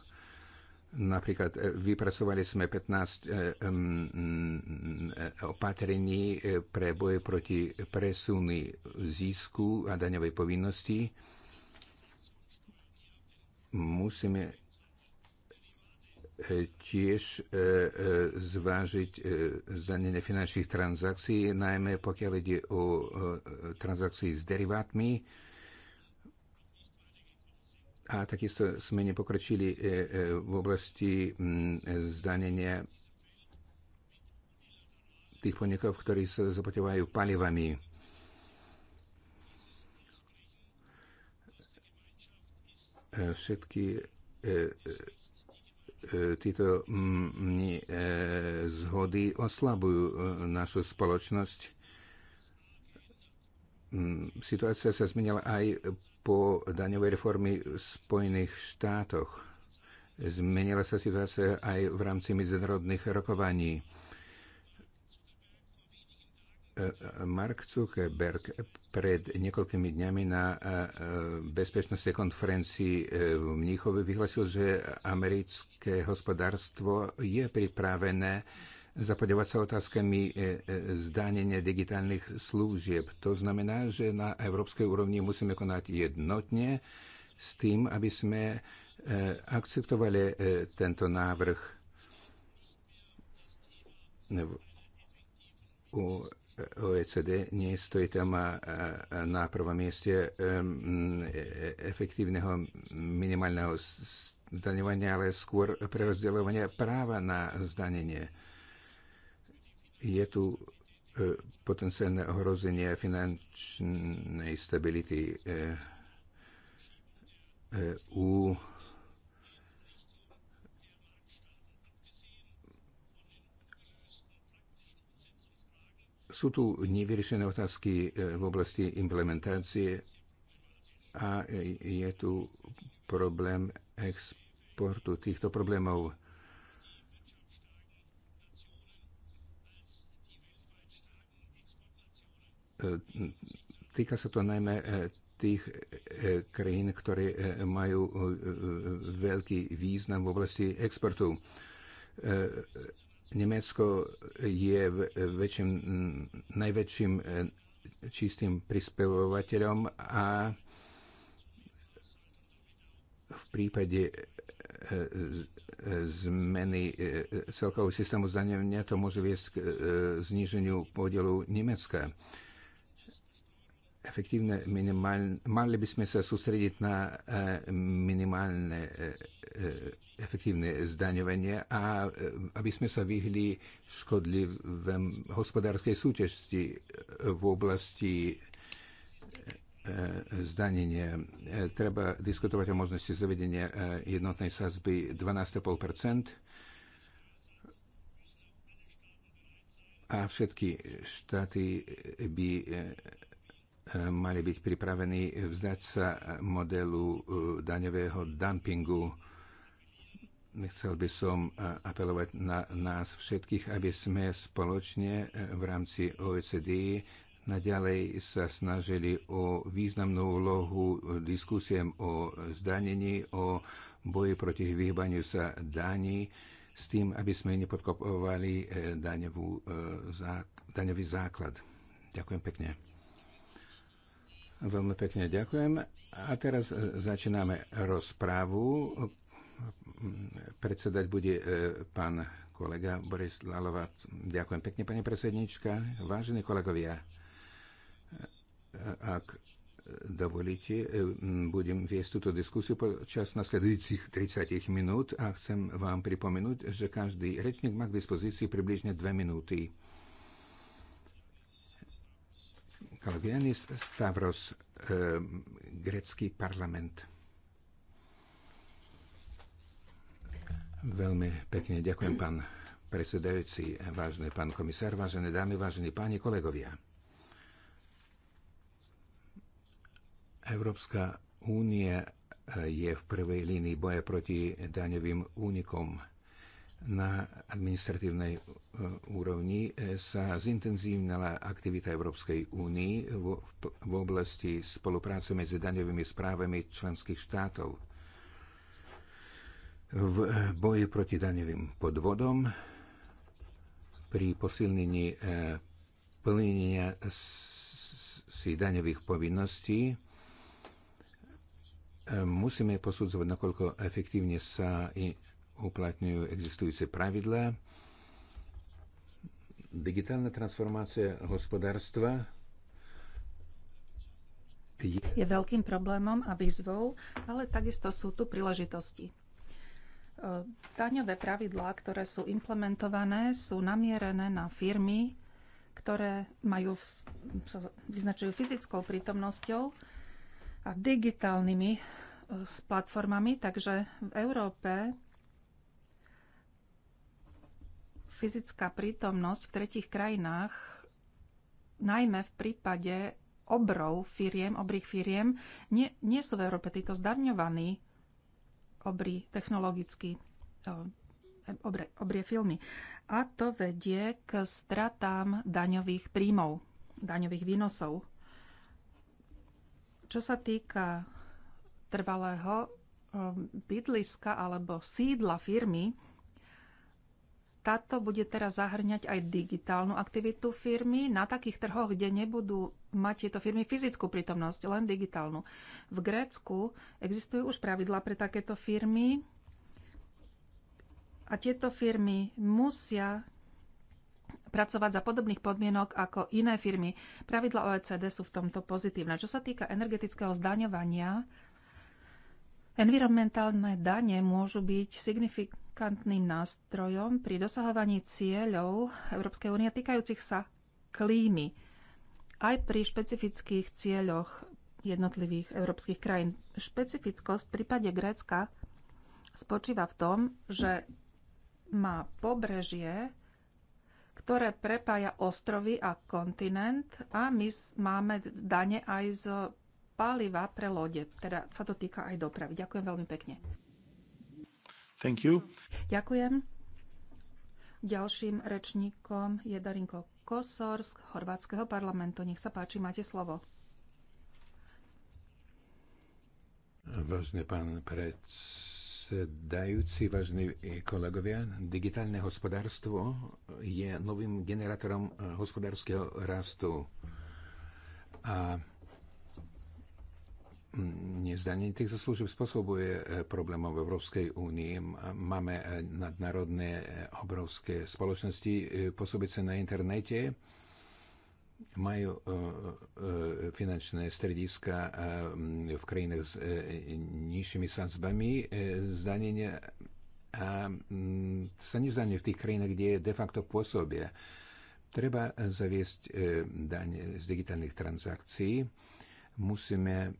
Napríklad e, vypracovali sme 15 e, e, opatrení pre boje proti presuny zisku a daňovej povinnosti. Musíme tiež zvážiť zdanenie finančných transakcií, najmä pokiaľ ide o transakcii s derivátmi a takisto sme nepokročili e, e, v oblasti mm, zdanenia tých podnikov, ktorí sa zapotevajú palivami. E, všetky tieto mm, zhody oslabujú našu spoločnosť. Mm, situácia sa zmenila aj po daňovej reformy v Spojených štátoch. Zmenila sa situácia aj v rámci medzinárodných rokovaní. Mark Zuckerberg pred niekoľkými dňami na e, bezpečnostnej konferencii e, v Mníchove vyhlasil, že americké hospodárstvo je pripravené zapodevať sa otázkami e, e, zdánenia digitálnych služieb. To znamená, že na európskej úrovni musíme konať jednotne s tým, aby sme e, akceptovali tento návrh u OECD nie stojí tam na prvom mieste efektívneho minimálneho zdaňovania, ale skôr prerozdeľovania práva na zdanenie. Je tu e, potenciálne ohrozenie finančnej stability EU. E, Sú tu nevyriešené otázky e, v oblasti implementácie a je tu problém exportu týchto problémov E, týka sa to najmä e, tých e, krajín, ktoré majú veľký význam v oblasti exportu. Nemecko je väčším, najväčším čistým prispevovateľom a v prípade zmeny celkového systému zdanenia to môže viesť k zniženiu podielu Nemecka efektívne minimálne, mali by sme sa sústrediť na e, minimálne e, e, efektívne zdaňovanie a aby sme sa vyhli škodlivým hospodárskej súťažsti v oblasti zdanenie. Treba diskutovať o možnosti zavedenia jednotnej sazby 12,5 a všetky štáty by mali byť pripravení vzdať sa modelu e, daňového dumpingu. Chcel by som e, apelovať na nás všetkých, aby sme spoločne e, v rámci OECD naďalej sa snažili o významnú úlohu diskusiem o zdanení, o boji proti vyhýbaniu sa daní, s tým, aby sme nepodkopovali daňovú, daňový základ. Ďakujem pekne. Veľmi pekne ďakujem. A teraz e, začíname rozprávu. Predsedať bude e, pán kolega Boris Lalovac. Ďakujem pekne, pani predsednička. Vážení kolegovia, e, ak dovolíte, budem viesť túto diskusiu počas nasledujúcich 30 minút a chcem vám pripomenúť, že každý rečník má k dispozícii približne 2 minúty. Kalvianis Stavros, e, grecký parlament. Veľmi pekne ďakujem, pán predsedajúci, vážny pán komisár, vážené dámy, vážení páni kolegovia. Európska únia e, je v prvej línii boja proti daňovým únikom na administratívnej e, úrovni e, sa zintenzívnila aktivita Európskej únii v oblasti spolupráce medzi daňovými správami členských štátov. V boji proti daňovým podvodom pri posilnení e, plnenia si daňových povinností musíme posudzovať, nakoľko efektívne sa uplatňujú existujúce pravidlá. Digitálna transformácia hospodárstva je... je veľkým problémom a výzvou, ale takisto sú tu príležitosti. E, Daňové pravidlá, ktoré sú implementované, sú namierené na firmy, ktoré majú, sa vyznačujú fyzickou prítomnosťou a digitálnymi e, s platformami, takže v Európe fyzická prítomnosť v tretich krajinách, najmä v prípade obrov firiem, obrých firiem, nie, nie sú v Európe títo zdaňovaní obrí technologicky, e, obrie filmy. A to vedie k stratám daňových príjmov, daňových výnosov. Čo sa týka trvalého e, bydliska alebo sídla firmy, táto bude teraz zahrňať aj digitálnu aktivitu firmy na takých trhoch, kde nebudú mať tieto firmy fyzickú prítomnosť, len digitálnu. V Grécku existujú už pravidlá pre takéto firmy a tieto firmy musia pracovať za podobných podmienok ako iné firmy. Pravidla OECD sú v tomto pozitívne. Čo sa týka energetického zdaňovania, environmentálne dane môžu byť signifikantné markantným nástrojom pri dosahovaní cieľov Európskej únie týkajúcich sa klímy aj pri špecifických cieľoch jednotlivých európskych krajín. Špecifickosť v prípade Grécka spočíva v tom, že má pobrežie, ktoré prepája ostrovy a kontinent a my máme dane aj z paliva pre lode. Teda sa to týka aj dopravy. Ďakujem veľmi pekne. Thank you. Ďakujem. Ďalším rečníkom je Darinko Kosor z Chorvátskeho parlamentu. Nech sa páči, máte slovo. Vážne pán predsedajúci, vážni kolegovia, digitálne hospodárstvo je novým generátorom hospodárskeho rastu. A Nezdanie týchto služieb spôsobuje e, problémov v Európskej únii. Máme e, nadnárodné e, obrovské spoločnosti pôsobiace na internete, majú finančné strediska v krajinách s nižšími sadzbami zdanenia a sa nezdanie v tých krajinách, kde de facto pôsobia. Treba zaviesť daň z digitálnych transakcií. Musíme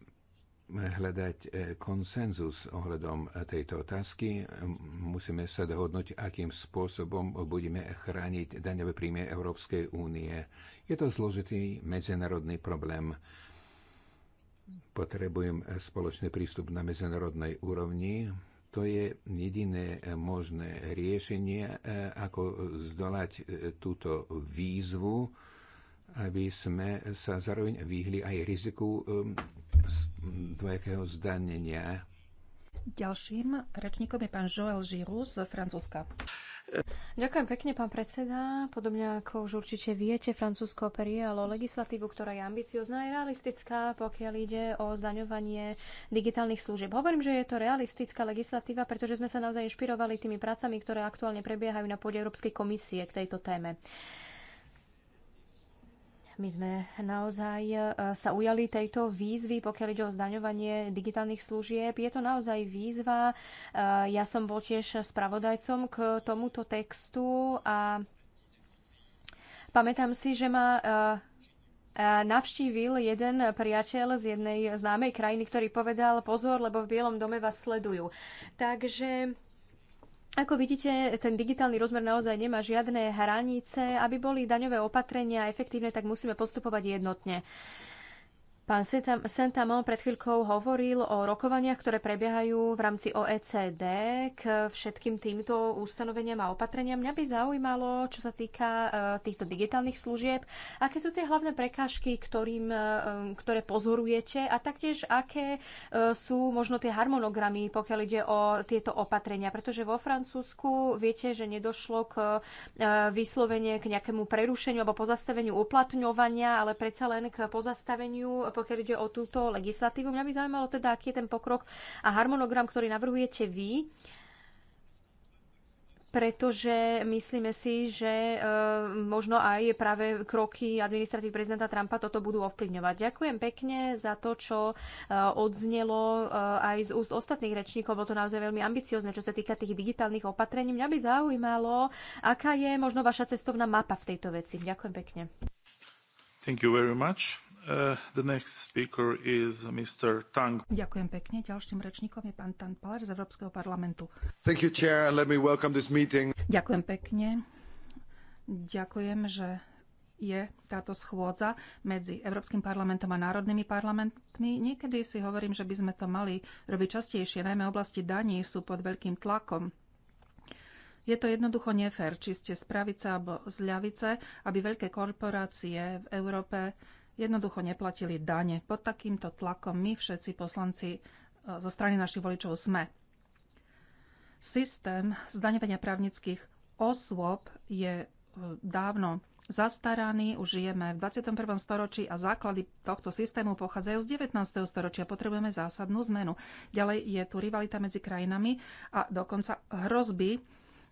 hľadať e, konsenzus ohľadom e, tejto otázky. Musíme sa dohodnúť, akým spôsobom budeme chrániť daňové príjmy Európskej únie. Je to zložitý medzinárodný problém. Potrebujem e, spoločný prístup na medzinárodnej úrovni. To je jediné možné riešenie, ako zdolať túto výzvu, aby sme sa zároveň vyhli aj riziku um, dvojakého zdanenia. Ďalším rečníkom je pán Joel Žiru z Francúzska. Ďakujem pekne, pán predseda. Podobne ako už určite viete, Francúzsko prijalo legislatívu, ktorá je ambiciozná a realistická, pokiaľ ide o zdaňovanie digitálnych služieb. Hovorím, že je to realistická legislatíva, pretože sme sa naozaj inšpirovali tými prácami, ktoré aktuálne prebiehajú na pôde Európskej komisie k tejto téme. My sme naozaj e, sa ujali tejto výzvy, pokiaľ ide o zdaňovanie digitálnych služieb. Je to naozaj výzva. E, ja som bol tiež spravodajcom k tomuto textu a pamätám si, že ma e, navštívil jeden priateľ z jednej známej krajiny, ktorý povedal pozor, lebo v Bielom dome vás sledujú. Takže ako vidíte, ten digitálny rozmer naozaj nemá žiadne hranice. Aby boli daňové opatrenia efektívne, tak musíme postupovať jednotne. Pán Sentamon pred chvíľkou hovoril o rokovaniach, ktoré prebiehajú v rámci OECD k všetkým týmto ustanoveniam a opatreniam. Mňa by zaujímalo, čo sa týka e, týchto digitálnych služieb, aké sú tie hlavné prekážky, ktorým, e, e, ktoré pozorujete a taktiež aké sú možno tie harmonogramy, pokiaľ ide o tieto opatrenia. Pretože vo Francúzsku viete, že nedošlo k vyslovene k nejakému prerušeniu alebo pozastaveniu uplatňovania, ale predsa len k pozastaveniu pokiaľ ide o túto legislatívu. Mňa by zaujímalo teda, aký je ten pokrok a harmonogram, ktorý navrhujete vy pretože myslíme si, že e, možno aj práve kroky administratív prezidenta Trumpa toto budú ovplyvňovať. Ďakujem pekne za to, čo e, odznelo e, aj z úst ostatných rečníkov. Bolo to naozaj veľmi ambiciozne, čo sa týka tých digitálnych opatrení. Mňa by zaujímalo, aká je možno vaša cestovná mapa v tejto veci. Ďakujem pekne. Thank you very much. Uh, the next speaker is Mr. Tang. Ďakujem pekne. Ďalším rečníkom je pán Tan Paler z Európskeho parlamentu. Thank you, Chair, and let me welcome this meeting. Ďakujem pekne. Ďakujem, že je táto schôdza medzi Európskym parlamentom a národnými parlamentmi. Niekedy si hovorím, že by sme to mali robiť častejšie, najmä oblasti daní sú pod veľkým tlakom. Je to jednoducho nefér, či ste z pravice alebo z ľavice, aby veľké korporácie v Európe jednoducho neplatili dane. Pod takýmto tlakom my všetci poslanci e, zo strany našich voličov sme. Systém zdaňovania právnických osôb je e, dávno zastaraný, už žijeme v 21. storočí a základy tohto systému pochádzajú z 19. storočia. Potrebujeme zásadnú zmenu. Ďalej je tu rivalita medzi krajinami a dokonca hrozby,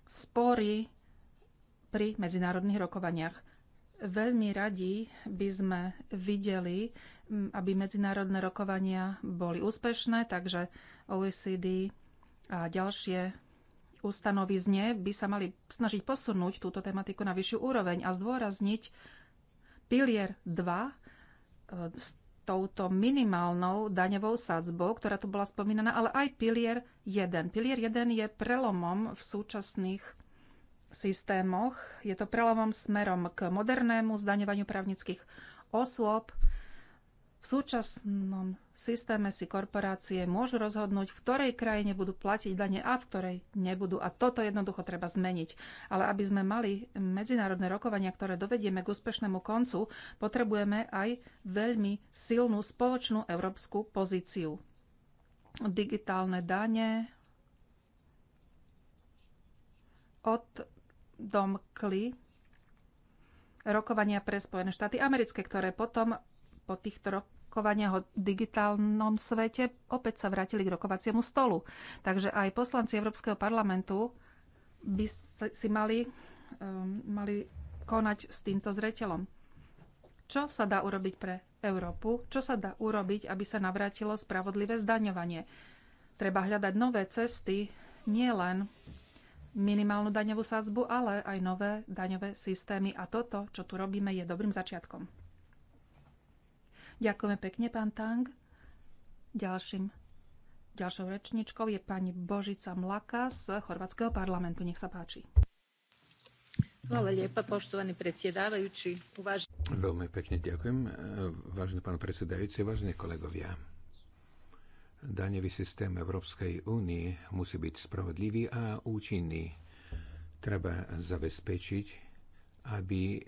spory pri medzinárodných rokovaniach. Veľmi radi by sme videli, aby medzinárodné rokovania boli úspešné, takže OECD a ďalšie ustanovizne by sa mali snažiť posunúť túto tematiku na vyššiu úroveň a zdôrazniť pilier 2 e, s touto minimálnou daňovou sadzbou, ktorá tu bola spomínaná, ale aj pilier 1. Pilier 1 je prelomom v súčasných systémoch. Je to prelomom smerom k modernému zdaňovaniu právnických osôb. V súčasnom systéme si korporácie môžu rozhodnúť, v ktorej krajine budú platiť dane a v ktorej nebudú. A toto jednoducho treba zmeniť. Ale aby sme mali medzinárodné rokovania, ktoré dovedieme k úspešnému koncu, potrebujeme aj veľmi silnú spoločnú európsku pozíciu. Digitálne dane, od domkli rokovania pre Spojené štáty americké, ktoré potom po týchto rokovaniach o digitálnom svete opäť sa vrátili k rokovaciemu stolu. Takže aj poslanci Európskeho parlamentu by si mali, um, mali konať s týmto zreteľom. Čo sa dá urobiť pre Európu? Čo sa dá urobiť, aby sa navrátilo spravodlivé zdaňovanie? Treba hľadať nové cesty, nielen minimálnu daňovú sadzbu, ale aj nové daňové systémy. A toto, čo tu robíme, je dobrým začiatkom. Ďakujeme pekne, pán Tang. Ďalším, ďalšou rečničkou je pani Božica Mlaka z Chorvátskeho parlamentu. Nech sa páči. Hvala lijepa, poštovani predsjedavajući. Uvaž... Veľmi pekne ďakujem, vážený pán predsedajúci, vážení kolegovia. Daňový systém Európskej únie musí byť spravodlivý a účinný. Treba zabezpečiť, aby e,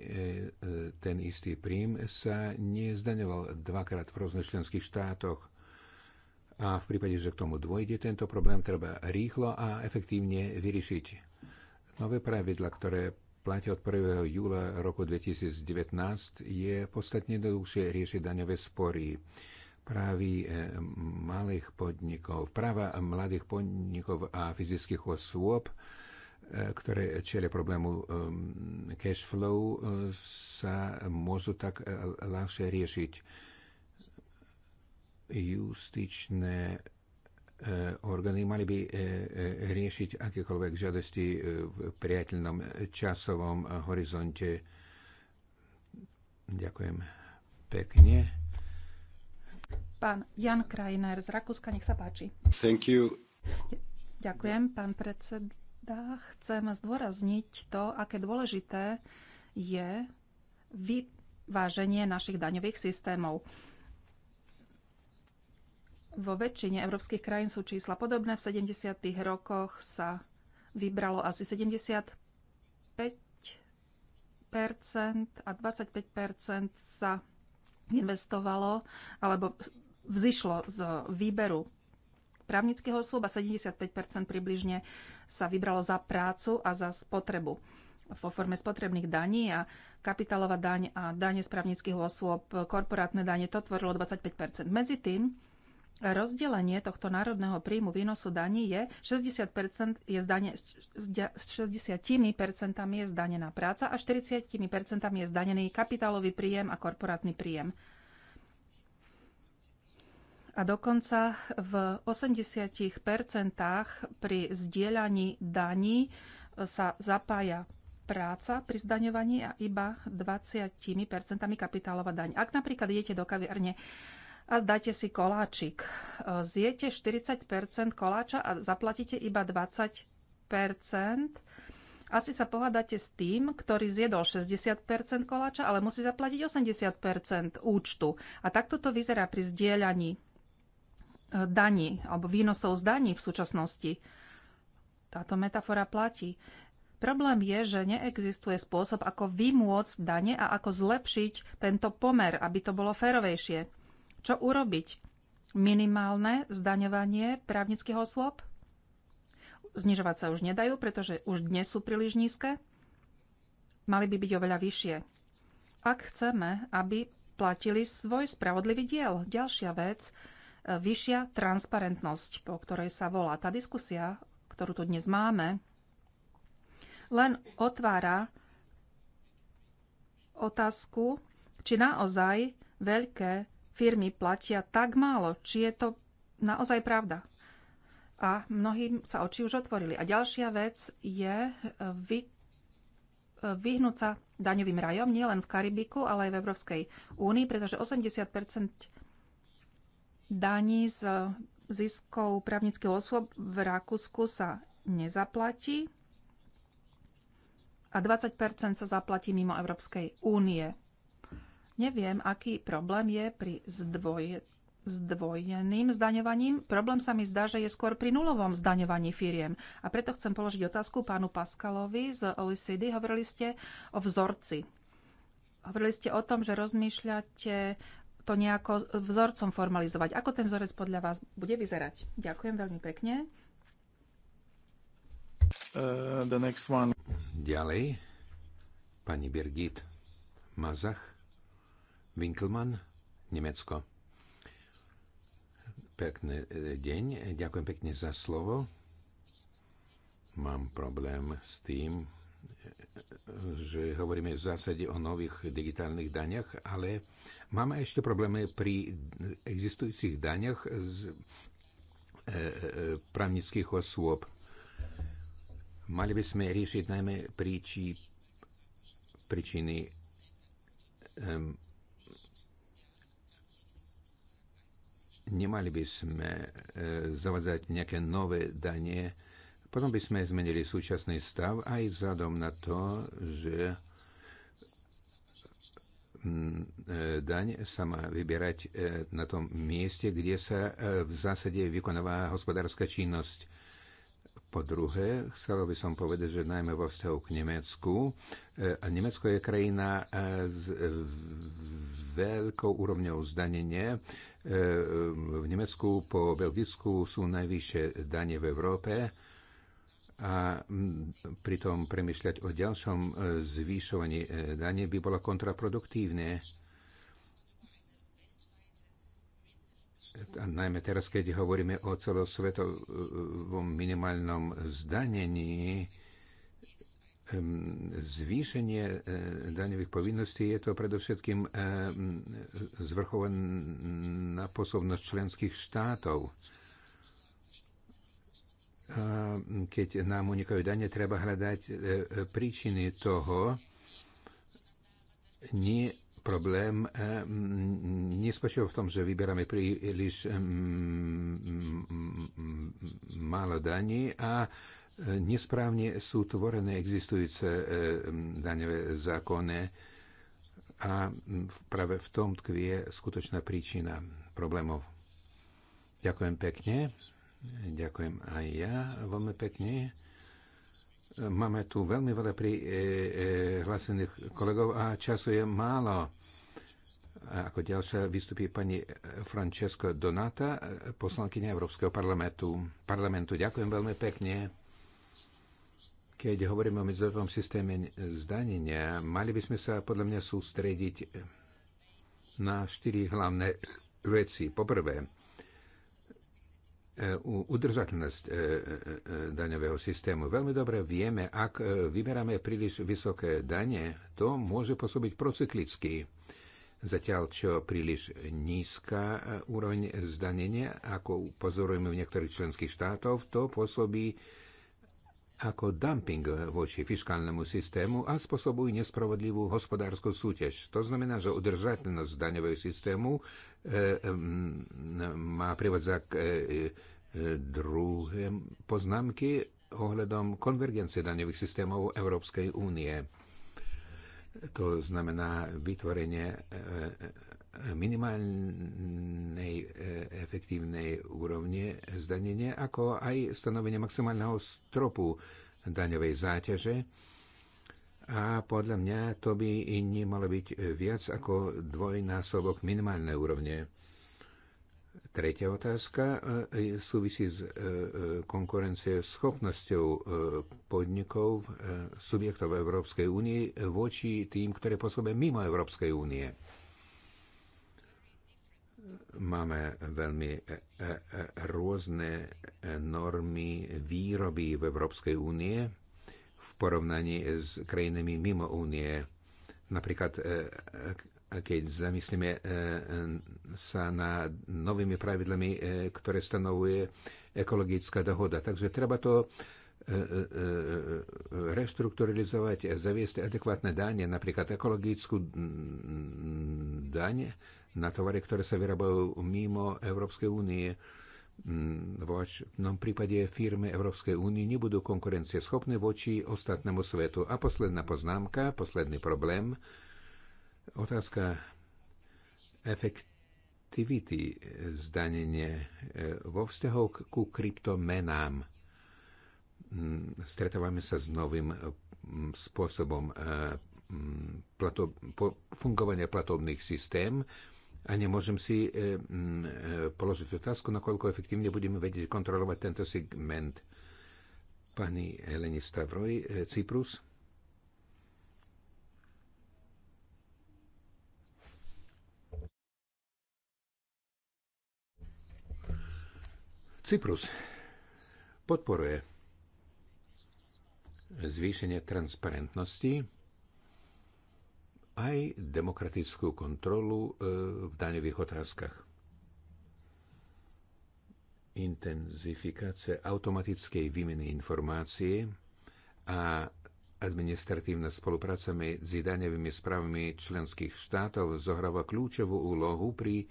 ten istý príjm sa nezdaňoval dvakrát v rôznych členských štátoch. A v prípade, že k tomu dôjde, tento problém treba rýchlo a efektívne vyriešiť. Nové pravidla, ktoré platia od 1. júla roku 2019, je podstatne jednoduchšie riešiť daňové spory právy eh, malých podnikov, práva mladých podnikov a fyzických osôb, eh, ktoré čelia problému ehm, cash flow, eh, sa môžu tak ľahšie riešiť. Justičné orgány mali by riešiť akékoľvek žiadosti v priateľnom časovom horizonte. Ďakujem pekne. Pán Jan Krajner z Rakúska, nech sa páči. Thank you. Ďakujem, pán predseda. Chcem zdôrazniť to, aké dôležité je vyváženie našich daňových systémov. Vo väčšine európskych krajín sú čísla podobné. V 70. rokoch sa vybralo asi 75 a 25 sa investovalo alebo vzýšlo z výberu právnických osôb a 75 približne sa vybralo za prácu a za spotrebu vo forme spotrebných daní a kapitálová daň a dane z právnických osôb, korporátne dane, to tvorilo 25 Medzi tým rozdelenie tohto národného príjmu výnosu daní je 60 je zdanie, s 60 je zdanená práca a 40 je zdanený kapitálový príjem a korporátny príjem. A dokonca v 80 pri zdieľaní daní sa zapája práca pri zdaňovaní a iba 20 kapitálová daň. Ak napríklad idete do kaviarne a dáte si koláčik, e, zjete 40 koláča a zaplatíte iba 20 asi sa pohádate s tým, ktorý zjedol 60 koláča, ale musí zaplatiť 80 účtu. A takto to vyzerá pri zdieľaní daní alebo výnosov z daní v súčasnosti. Táto metafora platí. Problém je, že neexistuje spôsob, ako vymôcť dane a ako zlepšiť tento pomer, aby to bolo férovejšie. Čo urobiť? Minimálne zdaňovanie právnických osôb? Znižovať sa už nedajú, pretože už dnes sú príliš nízke. Mali by byť oveľa vyššie. Ak chceme, aby platili svoj spravodlivý diel. Ďalšia vec, vyššia transparentnosť, po ktorej sa volá. Tá diskusia, ktorú tu dnes máme, len otvára otázku, či naozaj veľké firmy platia tak málo, či je to naozaj pravda. A mnohým sa oči už otvorili. A ďalšia vec je eh, vy, eh, vyhnúť sa daňovým rajom nielen v Karibiku, ale aj v Európskej únii, pretože 80 daní z ziskov právnických osôb v Rakúsku sa nezaplatí a 20 sa zaplatí mimo Európskej únie. Neviem, aký problém je pri zdvoje, zdvojeným zdaňovaním. Problém sa mi zdá, že je skôr pri nulovom zdaňovaní firiem. A preto chcem položiť otázku pánu Paskalovi z OECD. Hovorili ste o vzorci. Hovorili ste o tom, že rozmýšľate to nejako vzorcom formalizovať. Ako ten vzorec podľa vás bude vyzerať? Ďakujem veľmi pekne. Uh, the next one. Ďalej, pani Birgit Mazach, Winkelmann, Nemecko. Pekný e, deň, ďakujem pekne za slovo. Mám problém s tým, že hovoríme v zásade o nových digitálnych daniach, ale máme ešte problémy pri existujúcich daniach z e, e, právnických osôb. Mali by sme riešiť najmä príči, príčiny um, nemali by sme e, zavadzať nejaké nové danie, potom by sme zmenili súčasný stav aj vzhľadom na to, že mm, e, daň sa má vyberať e, na tom mieste, kde sa e, v zásade vykonáva hospodárska činnosť. Po druhé, chcel by som povedať, že najmä vo vzťahu k Nemecku, a Nemecko je krajina s veľkou úrovňou zdanenia. V Nemecku po Belgicku sú najvyššie dane v Európe a mm, pritom premyšľať o ďalšom e, zvýšovaní e, dane by bolo kontraproduktívne. A najmä teraz, keď hovoríme o celosvetovom minimálnom zdanení, zvýšenie e, daňových povinností je to predovšetkým zvrchovaná posobnosť členských štátov keď nám unikajú dane, treba hľadať e, e, príčiny toho. Nie problém e, nespočíva v tom, že vyberáme príliš málo daní a nesprávne sú tvorené existujúce daňové zákony a práve v tom tkvie skutočná príčina problémov. Ďakujem pekne. Ďakujem aj ja veľmi pekne. Máme tu veľmi veľa prihlásených e, e, kolegov a času je málo. A ako ďalšia vystupí pani Francesco Donata, poslankyňa Európskeho parlamentu. parlamentu. Ďakujem veľmi pekne. Keď hovoríme o medzinárodnom systéme zdanenia, mali by sme sa podľa mňa sústrediť na štyri hlavné veci. Poprvé, E, udržateľnosť e, e, daňového systému. Veľmi dobre vieme, ak vyberáme príliš vysoké dane, to môže pôsobiť procyklicky. Zatiaľ, čo príliš nízka úroveň zdanenia, ako pozorujeme v niektorých členských štátoch, to pôsobí ako dumping voči fiskálnemu systému a spôsobujú nespravodlivú hospodárskú súťaž. To znamená, že udržateľnosť daňového systému e, e, má privádza k e, e, druhé poznámky ohľadom konvergencie daňových systémov Európskej únie. To znamená vytvorenie e, minimálnej e, efektívnej úrovne zdanenia, ako aj stanovenie maximálneho stropu daňovej záťaže. A podľa mňa to by i nemalo byť viac ako dvojnásobok minimálnej úrovne. Tretia otázka e, e, súvisí s konkurencie schopnosťou podnikov subjektov Európskej únie voči tým, ktoré pôsobia mimo Európskej únie. Máme veľmi e, e, e, rôzne normy výroby v Európskej únie v porovnaní s krajinami mimo únie. Napríklad, keď zamyslíme sa na novými pravidlami, ktoré stanovuje ekologická dohoda. Takže treba to reštrukturalizovať, zaviesť adekvátne dáne, napríklad ekologickú daň na tovary, ktoré sa vyrábajú mimo Európskej únie. Mm, v očnom prípade firmy Európskej únie nebudú konkurencieschopné voči ostatnému svetu. A posledná poznámka, posledný problém, otázka efektivity zdanenie e, vo vzťahu ku kryptomenám. Mm, stretávame sa s novým e, spôsobom e, plato, fungovania platobných systém, a nemôžem si e, e, položiť otázku, nakoľko efektívne budeme vedieť kontrolovať tento segment. Pani Eleni Stavroj, e, Cyprus. Cyprus podporuje zvýšenie transparentnosti aj demokratickú kontrolu e, v daňových otázkach. Intenzifikácia automatickej výmeny informácie a administratívna spolupráca medzi daňovými správami členských štátov zohráva kľúčovú úlohu pri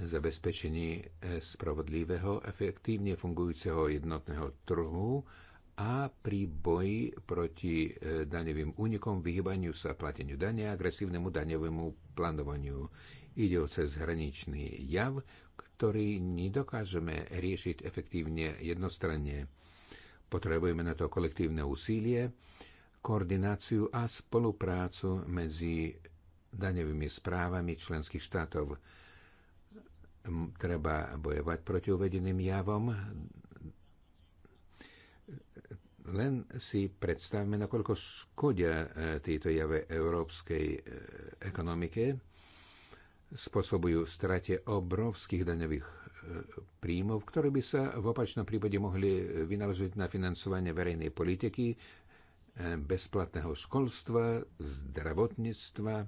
zabezpečení e, spravodlivého, efektívne fungujúceho jednotného trhu a pri boji proti e, daňovým únikom, vyhybaniu sa plateniu dania agresívnemu daňovému plánovaniu. Ide o cezhraničný jav, ktorý nedokážeme riešiť efektívne jednostranne. Potrebujeme na to kolektívne úsilie, koordináciu a spoluprácu medzi daňovými správami členských štátov. Treba bojovať proti uvedeným javom, len si predstavme, nakoľko škodia e, tieto jave európskej e, ekonomike. Spôsobujú strate obrovských daňových e, príjmov, ktoré by sa v opačnom prípade mohli vynaložiť na financovanie verejnej politiky, bezplatného školstva, zdravotníctva,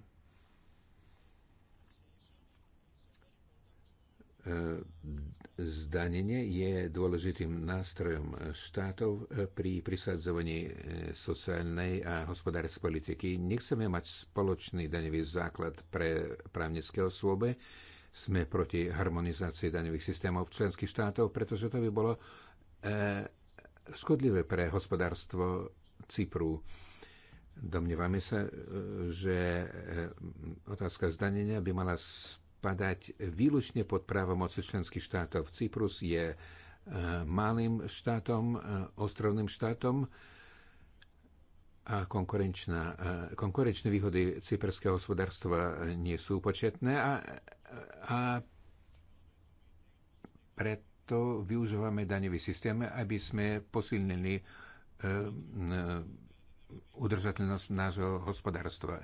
Zdanenie je dôležitým nástrojom štátov eh, pri prisadzovaní eh, sociálnej a hospodárskej politiky. Nechceme mať spoločný daňový základ pre právnické osoby. Sme proti harmonizácii daňových systémov členských štátov, pretože to by bolo eh, škodlivé pre hospodárstvo Cypru. Domnievame sa, že otázka zdanenia by mala spadať výlučne pod právomoc členských štátov. Cyprus je e, malým štátom, e, ostrovným štátom a e, konkurenčné výhody cyperského hospodárstva nie sú početné a, a preto využívame daňový systém, aby sme posilnili udržateľnosť nášho hospodárstva.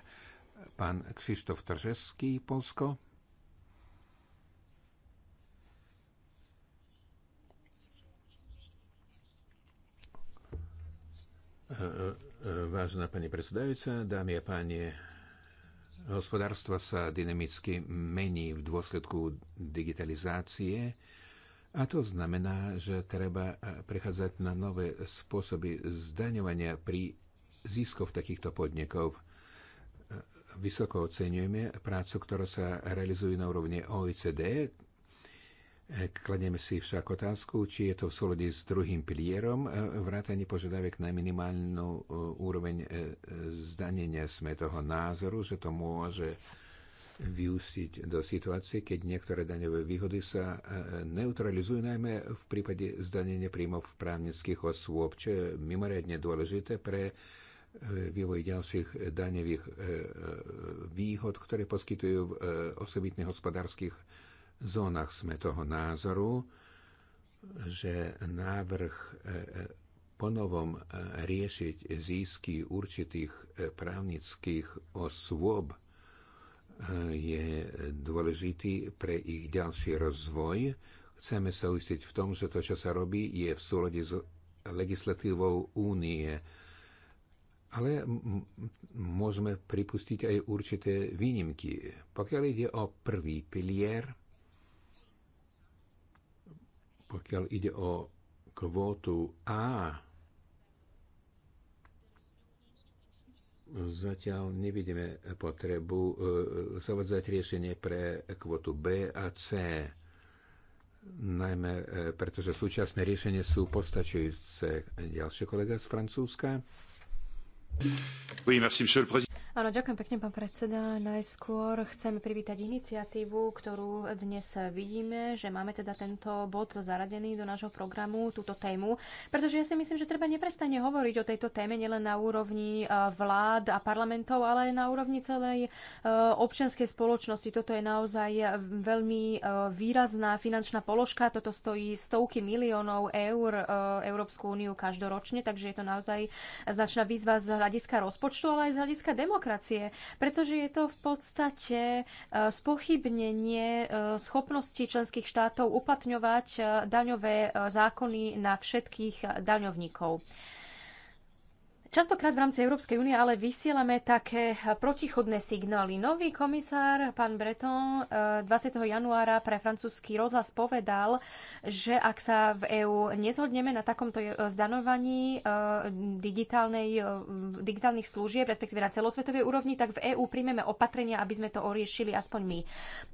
Pán Krzysztof Tržeský, Polsko. E, e, vážená pani predsedajúca, dámy a páni, hospodárstvo sa dynamicky mení v dôsledku digitalizácie a to znamená, že treba prechádzať na nové spôsoby zdaňovania pri ziskov takýchto podnikov. E, vysoko oceňujeme prácu, ktorá sa realizuje na úrovni OECD, E, Kladieme si však otázku, či je to v súlade s druhým pilierom e, vrátanie požiadaviek na minimálnu e, úroveň zdanenia. Sme toho názoru, že to môže vyústiť do situácie, keď niektoré daňové výhody sa neutralizujú najmä v prípade zdanenia príjmov v právnických osôb, čo je mimoriadne dôležité pre vývoj ďalších daňových výhod, ktoré poskytujú v osobitných hospodárskych zónach sme toho názoru, že návrh e, e, ponovom e, riešiť získy určitých právnických osôb je dôležitý pre ich ďalší rozvoj. Chceme sa uistiť v tom, že to, čo sa robí, je v súlade s legislatívou únie. Ale môžeme pripustiť aj určité výnimky. Pokiaľ ide o prvý pilier, pokiaľ ide o kvótu A, zatiaľ nevidíme potrebu e, zavadzať riešenie pre kvotu B a C, najmä e, pretože súčasné riešenie sú postačujúce. Ďalší kolega z Francúzska. Oui, merci, Áno, ďakujem pekne, pán predseda. Najskôr chceme privítať iniciatívu, ktorú dnes vidíme, že máme teda tento bod zaradený do nášho programu, túto tému, pretože ja si myslím, že treba neprestane hovoriť o tejto téme nielen na úrovni e, vlád a parlamentov, ale aj na úrovni celej e, občianskej spoločnosti. Toto je naozaj veľmi e, výrazná finančná položka, toto stojí stovky miliónov eur Európsku úniu každoročne, takže je to naozaj značná výzva z hľadiska rozpočtu, ale aj z hľadiska demokracie demokracie, pretože je to v podstate e, spochybnenie e, schopnosti členských štátov uplatňovať e, daňové zákony na všetkých daňovníkov. Častokrát v rámci Európskej únie ale vysielame také protichodné signály. Nový komisár, pán Breton, 20. Eh, januára pre francúzsky rozhlas povedal, že ak sa v EÚ nezhodneme na takomto eh, zdanovaní eh, digitálnych služieb, respektíve na celosvetovej úrovni, tak v EÚ príjmeme opatrenia, aby sme to oriešili aspoň my.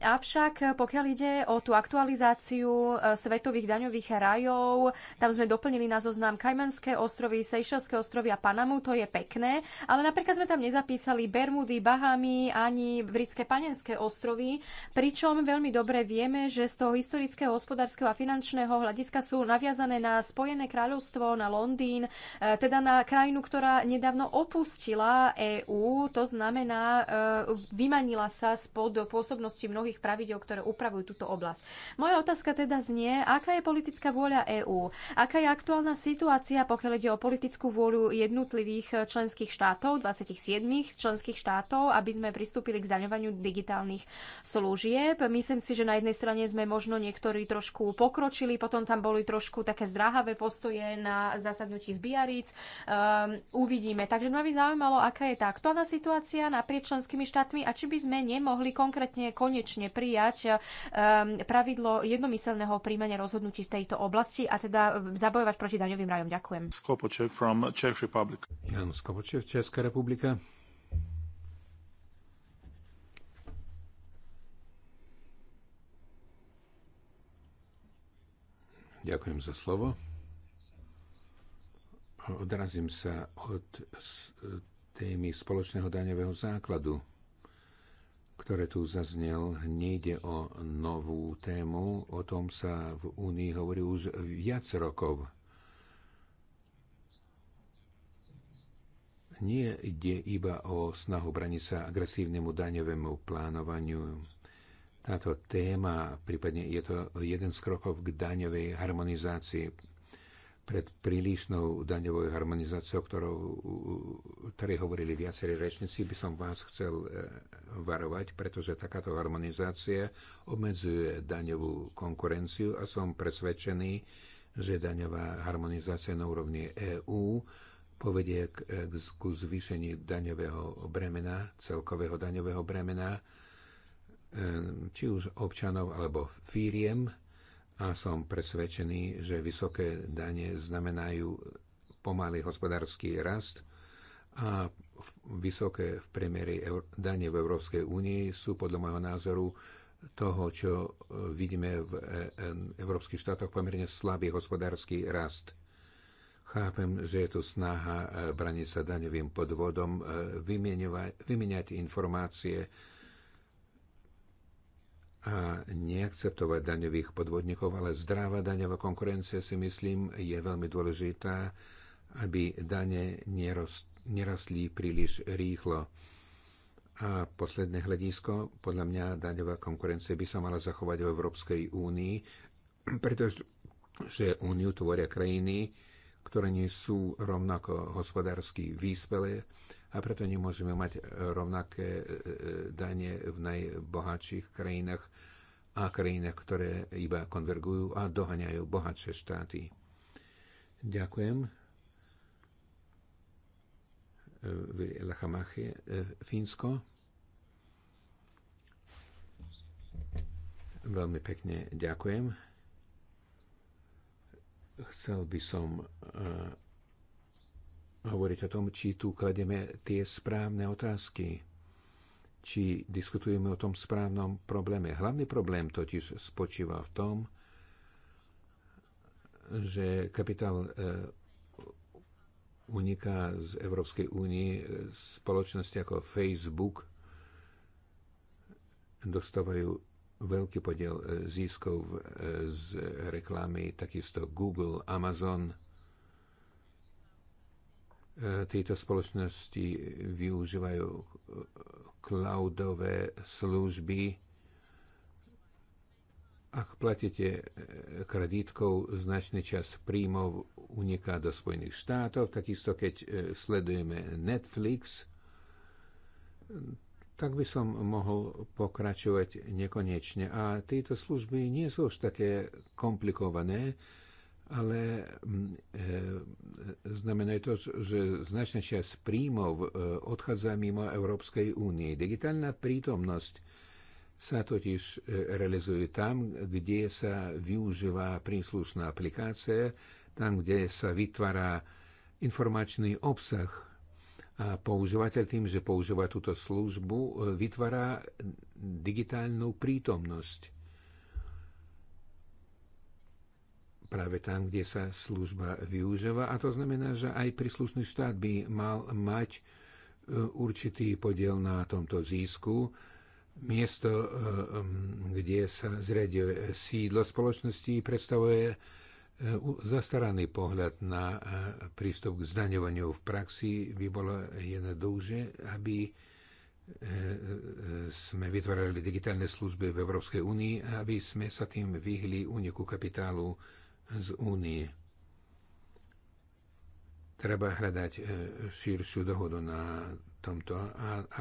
Avšak pokiaľ ide o tú aktualizáciu svetových daňových rajov, tam sme doplnili na zoznam Kajmanské ostrovy, Sejšelské ostrovy a Panama, Vietnamu, to je pekné, ale napríklad sme tam nezapísali Bermudy, Bahamy ani britské panenské ostrovy, pričom veľmi dobre vieme, že z toho historického, hospodárskeho a finančného hľadiska sú naviazané na Spojené kráľovstvo, na Londýn, e, teda na krajinu, ktorá nedávno opustila EÚ, to znamená e, vymanila sa spod pôsobnosti mnohých pravidel, ktoré upravujú túto oblasť. Moja otázka teda znie, aká je politická vôľa EÚ, aká je aktuálna situácia, pokiaľ ide o politickú vôľu jednotlivých jednotlivých eh, členských štátov, 27 členských štátov, aby sme pristúpili k zaňovaniu digitálnych služieb. Myslím si, že na jednej strane sme možno niektorí trošku pokročili, potom tam boli trošku také zdráhavé postoje na zasadnutí v Biaric. Um, ehm, uvidíme. Takže ma by zaujímalo, aká je tá aktuálna situácia naprieč členskými štátmi a či by sme nemohli konkrétne konečne prijať um, pravidlo jednomyselného príjmania rozhodnutí v tejto oblasti a teda eh, zabojovať proti daňovým rajom. Ďakujem. Skopacek from Czech Republic. Jan Skobočev, Česká republika. Ďakujem za slovo. Odrazím sa od témy spoločného daňového základu, ktoré tu zaznel. Nejde o novú tému, o tom sa v Únii hovorí už viac rokov. nie ide iba o snahu braniť sa agresívnemu daňovému plánovaniu. Táto téma, prípadne je to jeden z krokov k daňovej harmonizácii pred prílišnou daňovou harmonizáciou, ktorou tady hovorili viacerí rečníci, by som vás chcel e, varovať, pretože takáto harmonizácia obmedzuje daňovú konkurenciu a som presvedčený, že daňová harmonizácia na úrovni EÚ EU povedie k, k, k zvýšeniu daňového bremena, celkového daňového bremena, e, či už občanov alebo firiem. A som presvedčený, že vysoké dane znamenajú pomalý hospodársky rast a vysoké v priemere dane v Európskej únii sú podľa môjho názoru toho, čo vidíme v e, e, európskych štátoch, pomerne slabý hospodársky rast. Chápem, že je tu snaha e, braniť sa daňovým podvodom, e, vymieňať informácie a neakceptovať daňových podvodníkov, ale zdravá daňová konkurencia si myslím je veľmi dôležitá, aby dane nerastli príliš rýchlo. A posledné hľadisko, podľa mňa daňová konkurencia by sa mala zachovať v Európskej únii, pretože úniu tvoria krajiny, ktoré nie sú rovnako hospodársky výspelé a preto nemôžeme mať rovnaké e, e, dane v najbohatších krajinách a krajinách, ktoré iba konvergujú a dohaňajú bohatšie štáty. Ďakujem. Lachamache, e, Fínsko. Veľmi pekne ďakujem. Chcel by som eh, hovoriť o tom, či tu kladieme tie správne otázky, či diskutujeme o tom správnom probléme. Hlavný problém totiž spočíva v tom, že kapitál eh, uniká z Európskej únie eh, spoločnosti ako Facebook dostávajú veľký podiel e, získov e, z reklamy, takisto Google, Amazon. E, tieto spoločnosti využívajú cloudové služby. Ak platíte kreditkou, značný čas príjmov uniká do Spojených štátov. Takisto, keď sledujeme Netflix, tak by som mohol pokračovať nekonečne. A tieto služby nie sú už také komplikované, ale mm, e, znamená to, že značná časť príjmov e, odchádza mimo Európskej únie. Digitálna prítomnosť sa totiž e, realizuje tam, kde sa využíva príslušná aplikácia, tam, kde sa vytvára informačný obsah a používateľ tým, že používa túto službu, e, vytvára digitálnu prítomnosť. práve tam, kde sa služba využíva a to znamená, že aj príslušný štát by mal mať e, určitý podiel na tomto získu. Miesto, e, kde sa zriaduje sídlo spoločnosti, predstavuje Zastaraný pohľad na e, prístup k zdaňovaniu v praxi by bolo jednoduché, aby e, e, sme vytvárali digitálne služby v Európskej únii, aby sme sa tým vyhli úniku kapitálu z únie. Treba hľadať širšiu dohodu na tomto a, a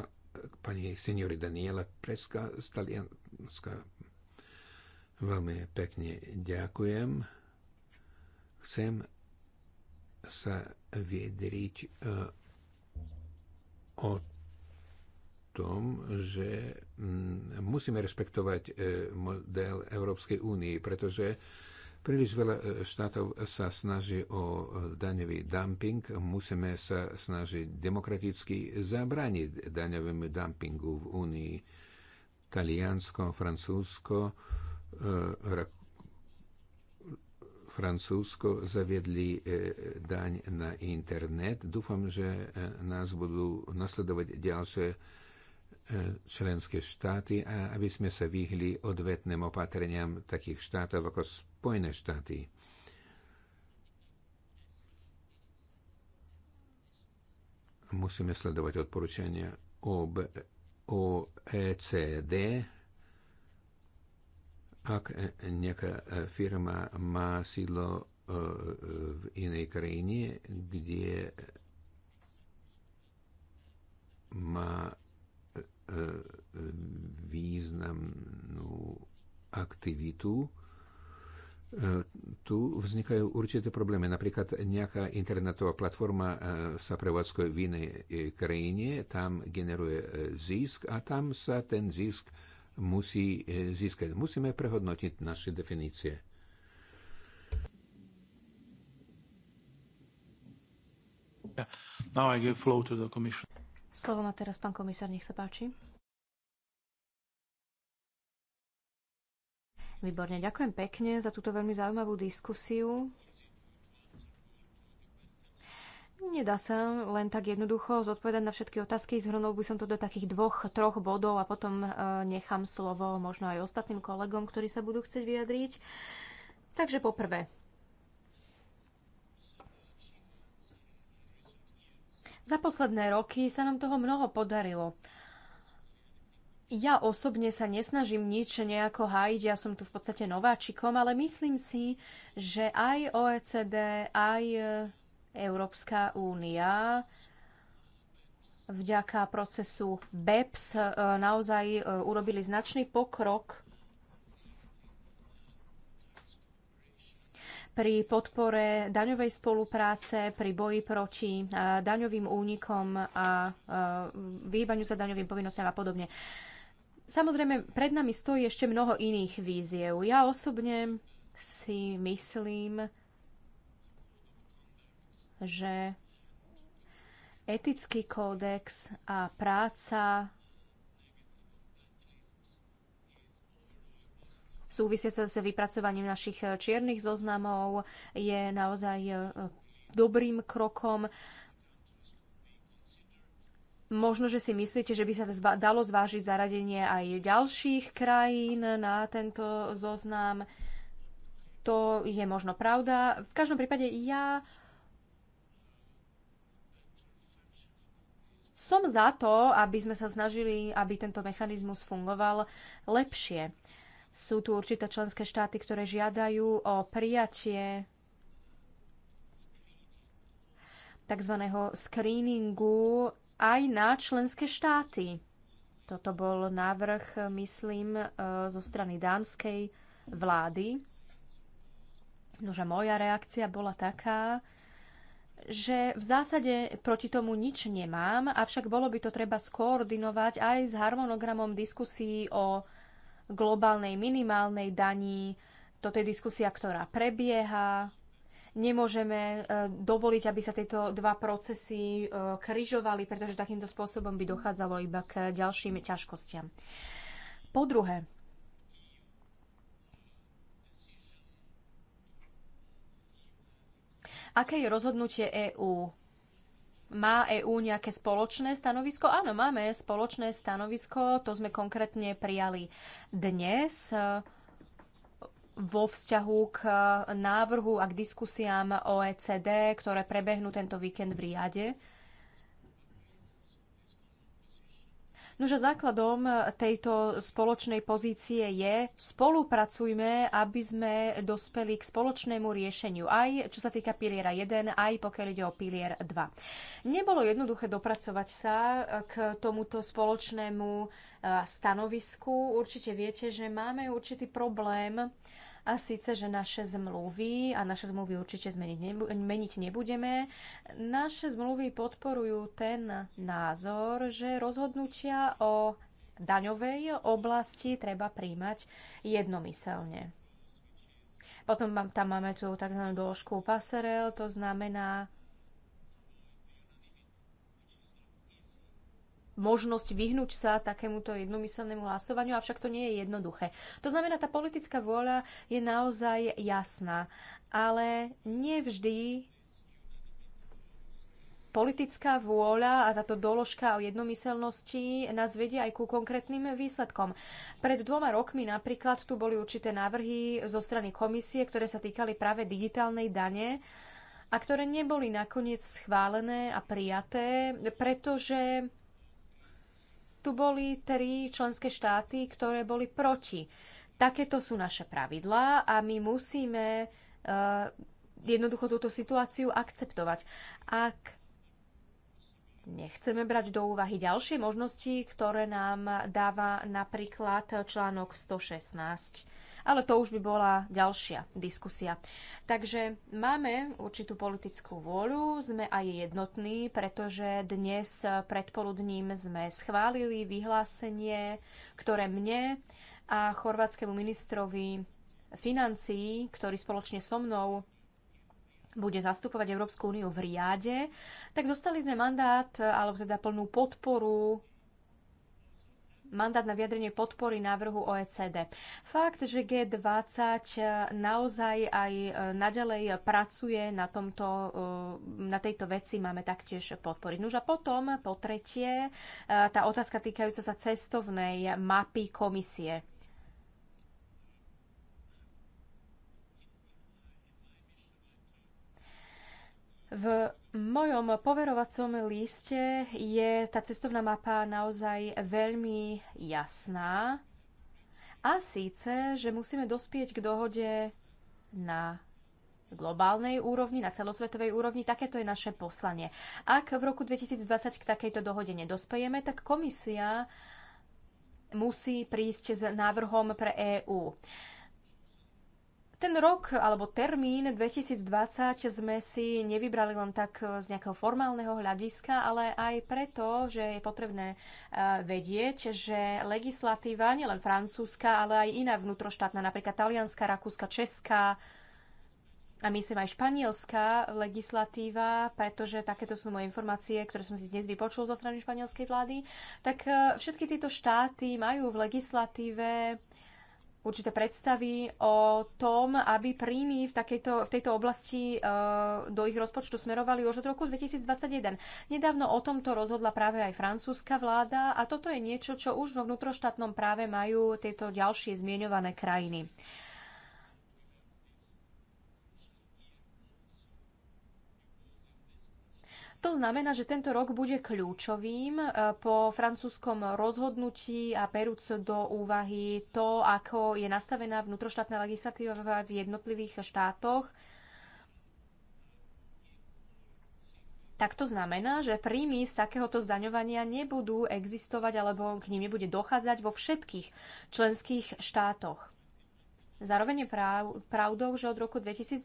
pani seniori Daniela Preska z Talianska veľmi pekne ďakujem. Chcem sa viedriť e, o tom, že mm, musíme rešpektovať e, model Európskej únie, pretože príliš veľa e, štátov sa snaží o daňový dumping. Musíme sa snažiť demokraticky zabrániť daňovému dumpingu v únii. Taliansko, Francúzsko, Rakúsko, Francúzsko zaviedli e, daň na internet. Dúfam, že e, nás budú nasledovať ďalšie e, členské štáty a aby sme sa vyhli odvetným opatreniam takých štátov ako Spojené štáty. Musíme sledovať odporúčania OECD, ak e, nejaká e, firma má sídlo e, v inej krajine, kde má významnú aktivitu, tu vznikajú určité problémy. Napríklad nejaká internetová platforma sa prevádzkuje v inej krajine, tam generuje zisk a tam sa ten zisk musí e, získať. Musíme prehodnotiť naše definície. Slovo má teraz pán komisár, nech sa páči. Výborne, ďakujem pekne za túto veľmi zaujímavú diskusiu. Nedá sa len tak jednoducho zodpovedať na všetky otázky. Zhrnul by som to do takých dvoch, troch bodov a potom e, nechám slovo možno aj ostatným kolegom, ktorí sa budú chcieť vyjadriť. Takže poprvé. Za posledné roky sa nám toho mnoho podarilo. Ja osobne sa nesnažím nič nejako hájiť, ja som tu v podstate nováčikom, ale myslím si, že aj OECD, aj Európska únia vďaka procesu BEPS e, naozaj e, urobili značný pokrok pri podpore daňovej spolupráce, pri boji proti e, daňovým únikom a výbaniu sa daňovým povinnostiam a podobne. Samozrejme, pred nami stojí ešte mnoho iných víziev. Ja osobne si myslím, že etický kódex a práca súvisiaca s vypracovaním našich čiernych zoznamov je naozaj e, dobrým krokom. Možno, že si myslíte, že by sa dalo zvážiť zaradenie aj ďalších krajín na tento zoznam. To je možno pravda. V každom prípade ja Som za to, aby sme sa snažili, aby tento mechanizmus fungoval lepšie. Sú tu určité členské štáty, ktoré žiadajú o prijatie tzv. screeningu aj na členské štáty. Toto bol návrh, myslím, e, zo strany dánskej vlády. Nože moja reakcia bola taká, že v zásade proti tomu nič nemám, avšak bolo by to treba skoordinovať aj s harmonogramom diskusí o globálnej minimálnej daní. Toto je diskusia, ktorá prebieha. Nemôžeme e, dovoliť, aby sa tieto dva procesy e, kryžovali, pretože takýmto spôsobom by dochádzalo iba k ďalším ťažkostiam. Po druhé, Aké je rozhodnutie EÚ? Má EÚ nejaké spoločné stanovisko? Áno, máme spoločné stanovisko, to sme konkrétne prijali dnes e, vo vzťahu k návrhu a k diskusiám OECD, ktoré prebehnú tento víkend v Riade. že základom eh, tejto spoločnej pozície je spolupracujme, aby sme dospeli k spoločnému riešeniu, aj čo sa týka piliera 1, aj pokiaľ ide o pilier 2. Nebolo jednoduché dopracovať sa eh, k tomuto spoločnému eh, stanovisku. Určite viete, že máme určitý problém a síce, že naše zmluvy, a naše zmluvy určite zmeniť nebu- meniť nebudeme, naše zmluvy podporujú ten názor, že rozhodnutia o daňovej oblasti treba príjmať jednomyselne. Potom tam máme tú tzv. doložku paserel, to znamená možnosť vyhnúť sa takémuto jednomyselnému hlasovaniu, avšak to nie je jednoduché. To znamená, tá politická vôľa je naozaj jasná, ale nevždy politická vôľa a táto doložka o jednomyselnosti nás vedie aj ku konkrétnym výsledkom. Pred dvoma rokmi napríklad tu boli určité návrhy zo strany komisie, ktoré sa týkali práve digitálnej dane a ktoré neboli nakoniec schválené a prijaté, pretože tu boli tri členské štáty, ktoré boli proti. Takéto sú naše pravidlá a my musíme uh, jednoducho túto situáciu akceptovať. Ak nechceme brať do úvahy ďalšie možnosti, ktoré nám dáva napríklad článok 116 ale to už by bola ďalšia diskusia. Takže máme určitú politickú vôľu, sme aj jednotní, pretože dnes predpoludním sme schválili vyhlásenie, ktoré mne a chorvátskému ministrovi financií, ktorý spoločne so mnou bude zastupovať Európsku úniu v riade, tak dostali sme mandát, alebo teda plnú podporu mandát na vyjadrenie podpory návrhu OECD. Fakt, že G20 eh, naozaj aj eh, naďalej pracuje na, tomto, eh, na tejto veci, máme taktiež podporiť. Nož a potom, po tretie, tá otázka týkajúca sa cestovnej mapy komisie. V mojom poverovacom liste je tá cestovná mapa naozaj veľmi jasná. A síce, že musíme dospieť k dohode na globálnej úrovni, na celosvetovej úrovni, takéto je naše poslanie. Ak v roku 2020 k takejto dohode nedospejeme, tak komisia musí prísť s návrhom pre EÚ ten rok alebo termín 2020 sme si nevybrali len tak eh, z nejakého formálneho hľadiska, ale aj preto, že je potrebné eh, vedieť, že legislatíva nielen francúzska, ale aj iná vnútroštátna, napríklad talianska, rakúska, česká, a myslím aj španielská legislatíva, pretože takéto sú moje informácie, ktoré som si dnes vypočul zo strany španielskej vlády, tak eh, všetky tieto štáty majú v legislatíve určité predstavy o tom, aby príjmy v, takejto, v tejto oblasti uh, do ich rozpočtu smerovali už od roku 2021. Nedávno o tomto rozhodla práve aj francúzska vláda a toto je niečo, čo už vo vnútroštátnom práve majú tieto ďalšie zmienované krajiny. To znamená, že tento rok bude kľúčovým e, po francúzskom rozhodnutí a perúc do úvahy to, ako je nastavená vnútroštátna legislatíva v jednotlivých štátoch. Tak to znamená, že príjmy z takéhoto zdaňovania nebudú existovať alebo k ním nebude dochádzať vo všetkých členských štátoch. Zároveň je pravdou, že od roku 2020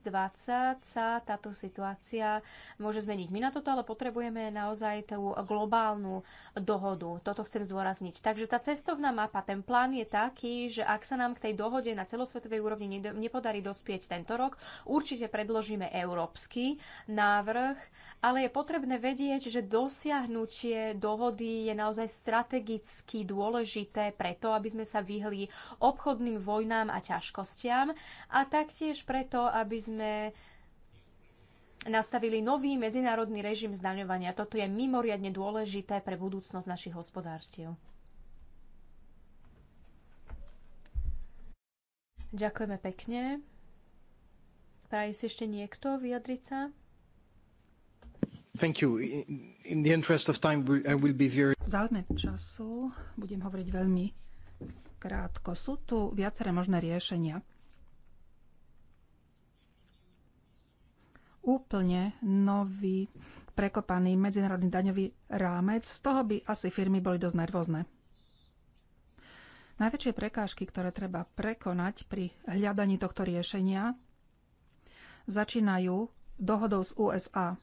sa táto situácia môže zmeniť. My na toto ale potrebujeme naozaj tú globálnu dohodu. Toto chcem zdôrazniť. Takže tá cestovná mapa, ten plán je taký, že ak sa nám k tej dohode na celosvetovej úrovni nepodarí dospieť tento rok, určite predložíme európsky návrh, ale je potrebné vedieť, že dosiahnutie dohody je naozaj strategicky dôležité preto, aby sme sa vyhli obchodným vojnám a ťažkostiam ťažkostiam a taktiež preto, aby sme nastavili nový medzinárodný režim zdaňovania. Toto je mimoriadne dôležité pre budúcnosť našich hospodárstiev. Ďakujeme pekne. Praje si ešte niekto vyjadriť sa? Thank you. In the interest of time, I will be very... V záujme času budem hovoriť veľmi krátko. Sú tu viaceré možné riešenia. Úplne nový prekopaný medzinárodný daňový rámec, z toho by asi firmy boli dosť nervózne. Najväčšie prekážky, ktoré treba prekonať pri hľadaní tohto riešenia, začínajú dohodou z USA.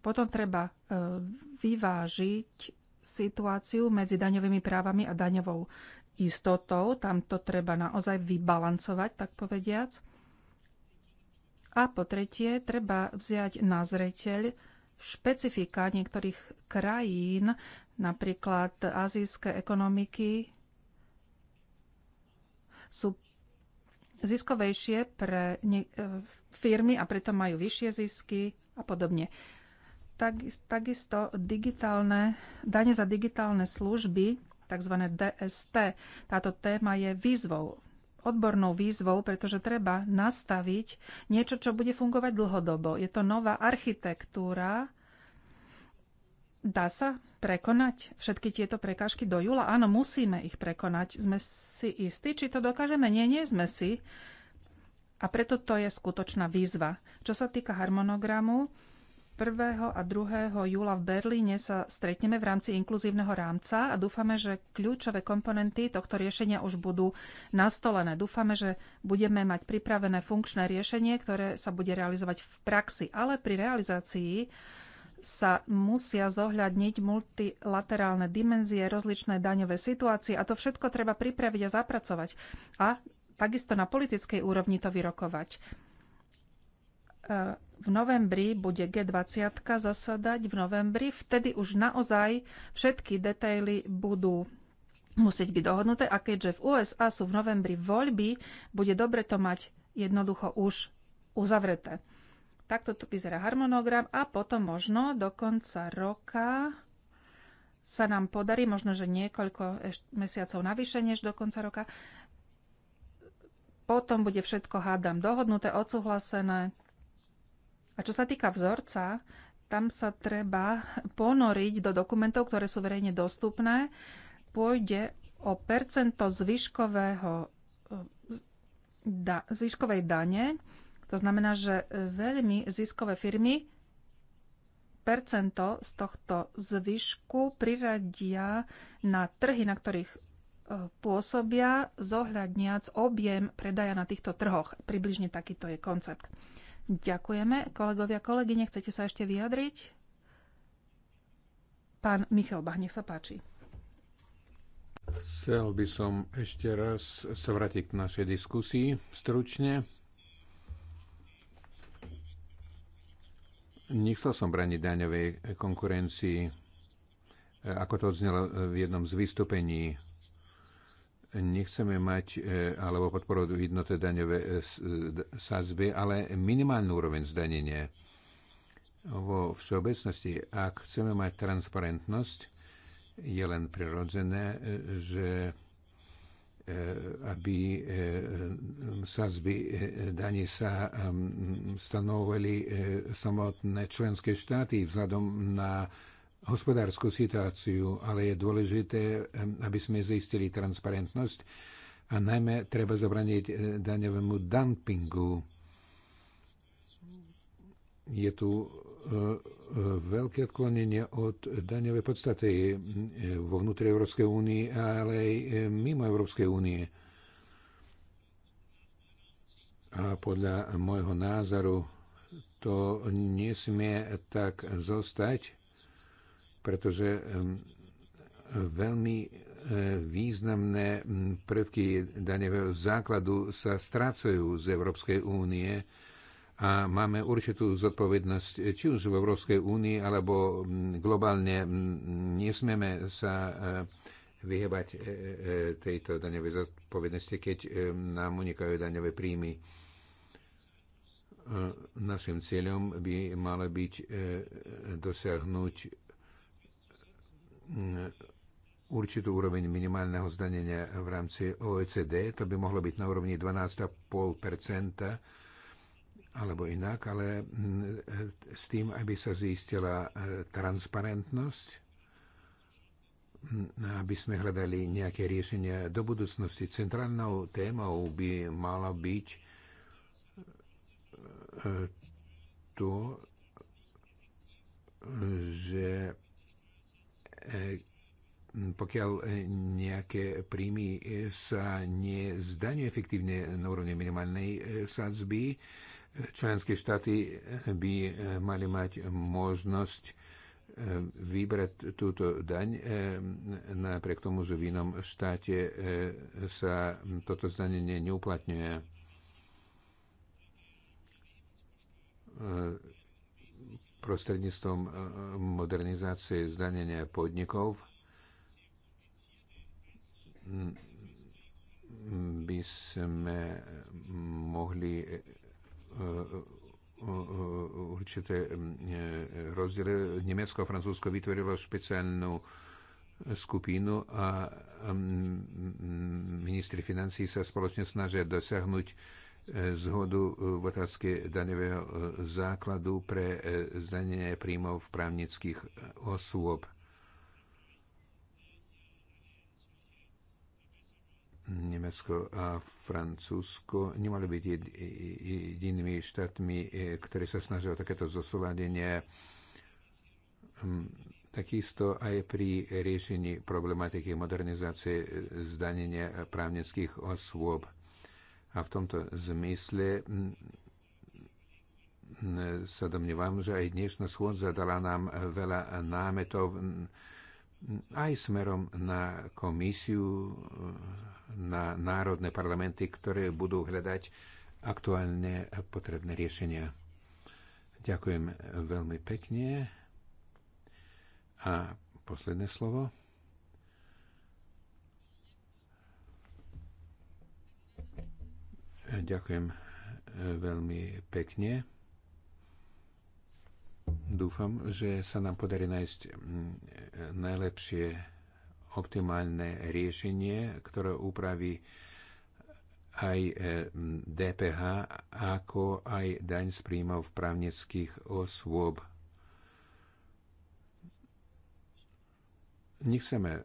Potom treba e, vyvážiť situáciu medzi daňovými právami a daňovou istotou, tam to treba naozaj vybalancovať, tak povediac. A po tretie, treba vziať na zreteľ špecifika niektorých krajín, napríklad azijské ekonomiky sú ziskovejšie pre e, firmy a preto majú vyššie zisky a podobne. Takisto digitálne, dane za digitálne služby tzv. DST. Táto téma je výzvou, odbornou výzvou, pretože treba nastaviť niečo, čo bude fungovať dlhodobo. Je to nová architektúra. Dá sa prekonať všetky tieto prekážky do júla? Áno, musíme ich prekonať. Sme si istí, či to dokážeme? Nie, nie sme si. A preto to je skutočná výzva. Čo sa týka harmonogramu, 1. a 2. júla v Berlíne sa stretneme v rámci inkluzívneho rámca a dúfame, že kľúčové komponenty tohto riešenia už budú nastolené. Dúfame, že budeme mať pripravené funkčné riešenie, ktoré sa bude realizovať v praxi, ale pri realizácii sa musia zohľadniť multilaterálne dimenzie, rozličné daňové situácie a to všetko treba pripraviť a zapracovať. A takisto na politickej úrovni to vyrokovať. E, v novembri bude G20 zasadať v novembri. Vtedy už naozaj všetky detaily budú musieť byť dohodnuté. A keďže v USA sú v novembri voľby, bude dobre to mať jednoducho už uzavreté. Takto tu vyzerá harmonogram a potom možno do konca roka sa nám podarí, možno, že niekoľko mesiacov navyše než do konca roka, potom bude všetko, hádam, dohodnuté, odsúhlasené, a čo sa týka vzorca, tam sa treba ponoriť do dokumentov, ktoré sú verejne dostupné. Pôjde o percento zvyškového, eh, da, zvyškovej dane. To znamená, že veľmi ziskové firmy percento z tohto zvyšku priradia na trhy, na ktorých eh, pôsobia, zohľadniac objem predaja na týchto trhoch. Približne takýto je koncept. Ďakujeme. Kolegovia, kolegyne, chcete sa ešte vyjadriť? Pán Michal Bach, nech sa páči. Chcel by som ešte raz sa vrátiť k našej diskusii stručne. Nechcel som braniť daňovej konkurencii, ako to odznelo v jednom z vystúpení nechceme mať e, alebo podporovať jednotné daňové e, e, sazby, ale minimálnu úroveň zdanenia. Vo všeobecnosti, ak chceme mať transparentnosť, je len prirodzené, že aby sazby daní sa stanovali samotné členské štáty vzhľadom na hospodárskú situáciu, ale je dôležité, aby sme zistili transparentnosť a najmä treba zabraniť e, daňovému dumpingu. Je tu e, e, veľké odklonenie od daňovej podstaty vo vnútri Európskej únie, ale aj mimo Európskej únie. A podľa môjho názoru to nesmie tak zostať pretože veľmi e, významné prvky daňového základu sa strácajú z Európskej únie a máme určitú zodpovednosť, či už v Európskej únii, alebo globálne nesmieme sa e, vyhebať e, tejto daňovej zodpovednosti, keď nám unikajú daňové príjmy. Našim cieľom by malo byť dosiahnuť Mm, určitú úroveň minimálneho zdanenia v rámci OECD. To by mohlo byť na úrovni 12,5 alebo inak, ale mm, s tým, aby sa zistila e, transparentnosť mm, aby sme hľadali nejaké riešenia do budúcnosti. Centrálnou témou by mala byť e, to, e, že E, pokiaľ e, nejaké príjmy e, sa nezdaňujú efektívne na úrovni minimálnej sadzby, členské štáty by mali mať možnosť vybrať túto daň, napriek tomu, že v inom štáte sa toto zdanenie neuplatňuje prostredníctvom e, modernizácie zdanenia podnikov by sme mohli e, e, určité rozdiely. Nemecko a Francúzsko vytvorilo špeciálnu skupinu a ministri financí sa spoločne snažia dosiahnuť zhodu e, v otázke daňového e, základu pre e, zdanenie príjmov právnických osôb. Nemecko a Francúzsko nemali byť jedinými štátmi, ktoré sa snažia o takéto zosúladenie. Hm, takisto aj pri riešení problematiky modernizácie zdanenia právnických osôb a v tomto zmysle sa domnívam, že aj dnešná schôdza dala nám veľa námetov aj smerom na komisiu, na národné parlamenty, ktoré budú hľadať aktuálne potrebné riešenia. Ďakujem veľmi pekne. A posledné slovo. Ďakujem e, veľmi pekne. Dúfam, že sa nám podarí nájsť najlepšie optimálne riešenie, ktoré upraví aj e, DPH, ako aj daň z príjmov právnických osôb. Nechceme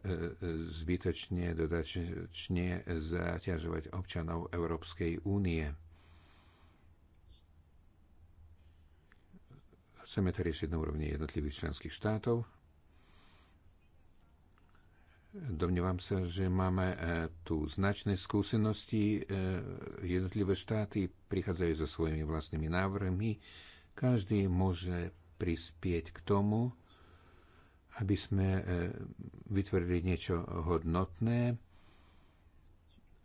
e, e, zbytočne dodačne zaťažovať občanov Európskej únie. Chceme to riešiť na úrovni jednotlivých členských štátov. Domnievam sa, že máme e, tu značné skúsenosti. Jednotlivé štáty prichádzajú so svojimi vlastnými návrhmi. Každý môže prispieť k tomu, aby sme e, vytvorili niečo hodnotné,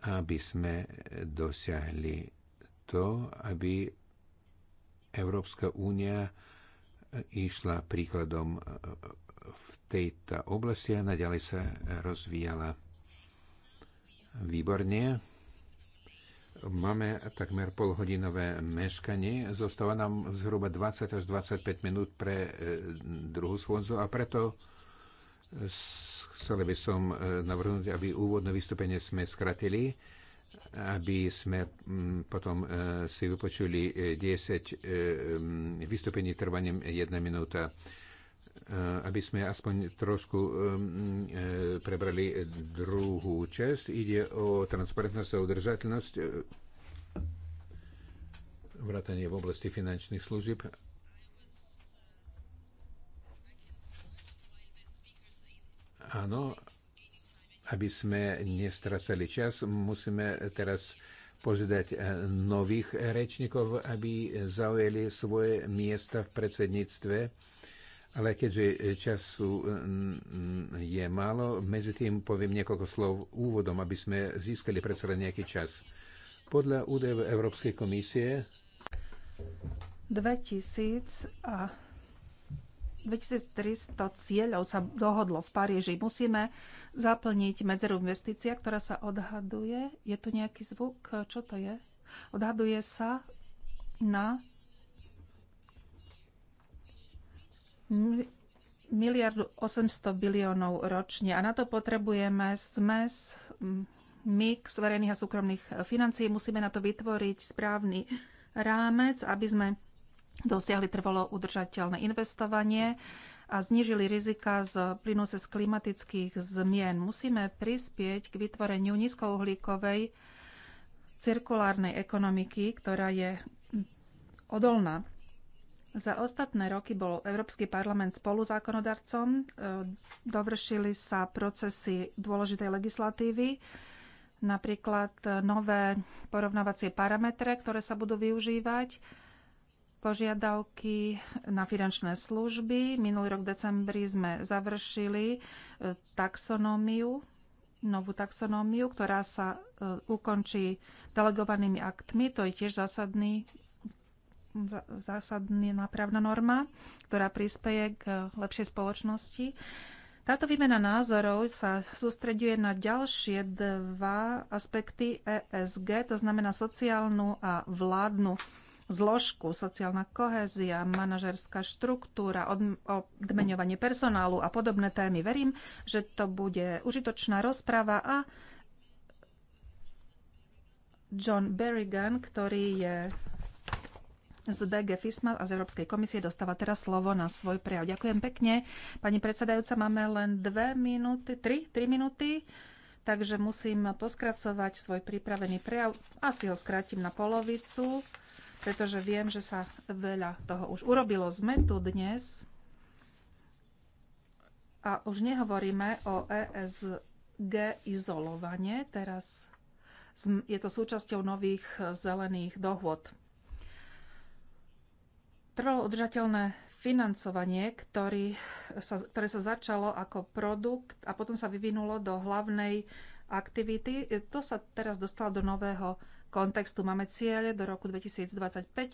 aby sme dosiahli to, aby Európska únia išla príkladom e, v tejto oblasti a naďalej sa rozvíjala. Výborne. Máme takmer polhodinové meškanie, zostáva nám zhruba 20 až 25 minút pre e, druhú schôdzu a preto e, chcel by som e, navrhnúť, aby úvodné vystúpenie sme skratili, aby sme mm, potom si vypočuli 10 vystúpení trvaním 1 minúta Eh, aby sme aspoň trošku eh, prebrali druhú časť. Ide o transparentnosť a udržateľnosť eh, vrátanie v oblasti finančných služieb. Áno, aby sme nestracali čas, musíme teraz požiadať nových rečníkov, aby zaujali svoje miesta v predsedníctve ale keďže času mm, mm, je málo, medzi tým poviem niekoľko slov úvodom, aby sme získali predsa len nejaký čas. Podľa údajov Európskej komisie 2000 a 2300 cieľov sa dohodlo v Paríži. Musíme zaplniť medzeru investícia, ktorá sa odhaduje. Je tu nejaký zvuk? Čo to je? Odhaduje sa na miliardu 800 biliónov ročne. A na to potrebujeme zmes, mix verejných a súkromných financií. Musíme na to vytvoriť správny rámec, aby sme dosiahli trvalo udržateľné investovanie a znižili rizika z plynúce z klimatických zmien. Musíme prispieť k vytvoreniu nízkouhlíkovej cirkulárnej ekonomiky, ktorá je odolná za ostatné roky bol Európsky parlament spoluzákonodarcom, e, dovršili sa procesy dôležitej legislatívy, napríklad e, nové porovnávacie parametre, ktoré sa budú využívať, požiadavky na finančné služby. Minulý rok v decembri sme završili e, taxonómiu, novú taxonómiu, ktorá sa ukončí delegovanými aktmi. To je tiež zásadný zásadná nápravná norma, ktorá prispieje k lepšej spoločnosti. Táto výmena názorov sa sústreďuje na ďalšie dva aspekty ESG, to znamená sociálnu a vládnu zložku, sociálna kohézia, manažerská štruktúra, odmeňovanie personálu a podobné témy. Verím, že to bude užitočná rozprava a John Berrigan, ktorý je z DG FISMA a z Európskej komisie dostáva teraz slovo na svoj prejav. Ďakujem pekne. Pani predsedajúca, máme len dve minúty, tri, tri minúty, takže musím poskracovať svoj pripravený prejav. Asi ho skrátim na polovicu, pretože viem, že sa veľa toho už urobilo. Sme tu dnes a už nehovoríme o ESG izolovanie. Teraz je to súčasťou nových zelených dohôd. Trvalo udržateľné financovanie, ktorý sa, ktoré sa začalo ako produkt a potom sa vyvinulo do hlavnej aktivity. E, to sa teraz dostalo do nového kontextu. Máme cieľ do roku 2025,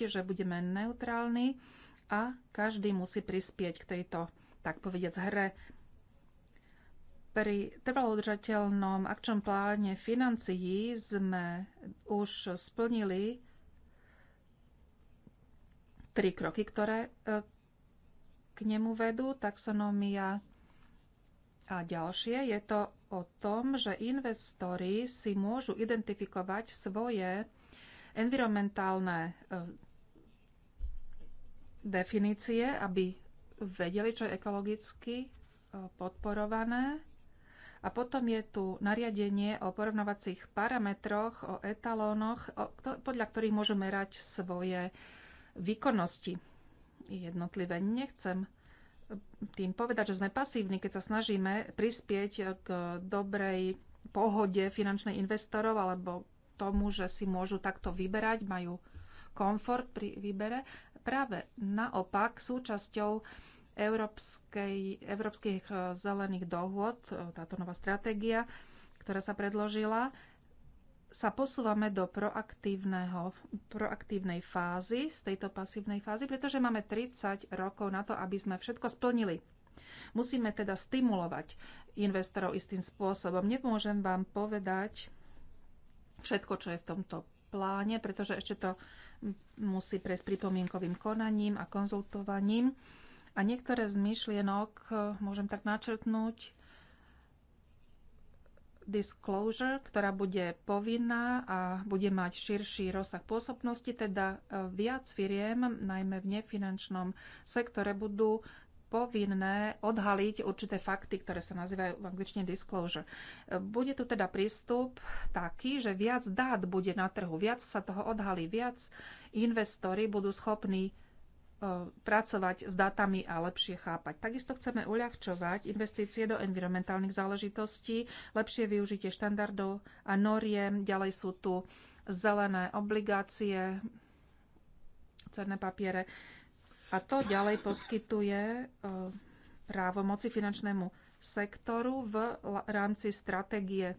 že budeme neutrálni a každý musí prispieť k tejto, tak povediac, hre. Pri trvalo udržateľnom akčnom pláne financií sme už splnili tri kroky, ktoré e, k nemu vedú, taxonómia a ďalšie. Je to o tom, že investori si môžu identifikovať svoje environmentálne e, definície, aby vedeli, čo je ekologicky e, podporované. A potom je tu nariadenie o porovnávacích parametroch, o etalónoch, podľa ktorých môžu merať svoje výkonnosti jednotlivé. Nechcem tým povedať, že sme pasívni, keď sa snažíme prispieť k dobrej pohode finančnej investorov alebo tomu, že si môžu takto vyberať, majú komfort pri výbere. Práve naopak súčasťou európskej, európskych zelených dohôd, táto nová stratégia, ktorá sa predložila, sa posúvame do proaktívnej fázy, z tejto pasívnej fázy, pretože máme 30 rokov na to, aby sme všetko splnili. Musíme teda stimulovať investorov istým spôsobom. Nemôžem vám povedať všetko, čo je v tomto pláne, pretože ešte to musí prejsť pripomienkovým konaním a konzultovaním. A niektoré z myšlienok môžem tak načrtnúť, disclosure, ktorá bude povinná a bude mať širší rozsah pôsobnosti, teda e, viac firiem, najmä v nefinančnom sektore, budú povinné odhaliť určité fakty, ktoré sa nazývajú v angličtine disclosure. E, bude tu teda prístup taký, že viac dát bude na trhu, viac sa toho odhalí, viac investori budú schopní Eh, pracovať s datami a lepšie chápať. Takisto chceme uľahčovať investície do environmentálnych záležitostí, lepšie využitie štandardov a noriem. Ďalej sú tu zelené obligácie, cenné papiere. A to ďalej poskytuje eh, právo moci finančnému sektoru v rámci stratégie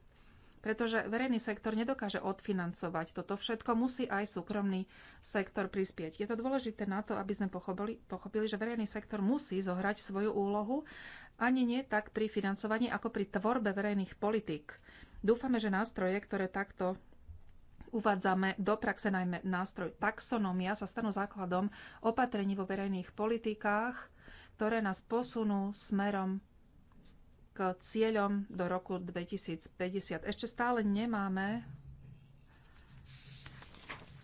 pretože verejný sektor nedokáže odfinancovať toto všetko, musí aj súkromný sektor prispieť. Je to dôležité na to, aby sme pochopili, pochopili že verejný sektor musí zohrať svoju úlohu ani nie tak pri financovaní, ako pri tvorbe verejných politik. Dúfame, že nástroje, ktoré takto uvádzame do praxe, najmä nástroj taxonomia, sa stanú základom opatrení vo verejných politikách, ktoré nás posunú smerom k cieľom do roku 2050. Ešte stále nemáme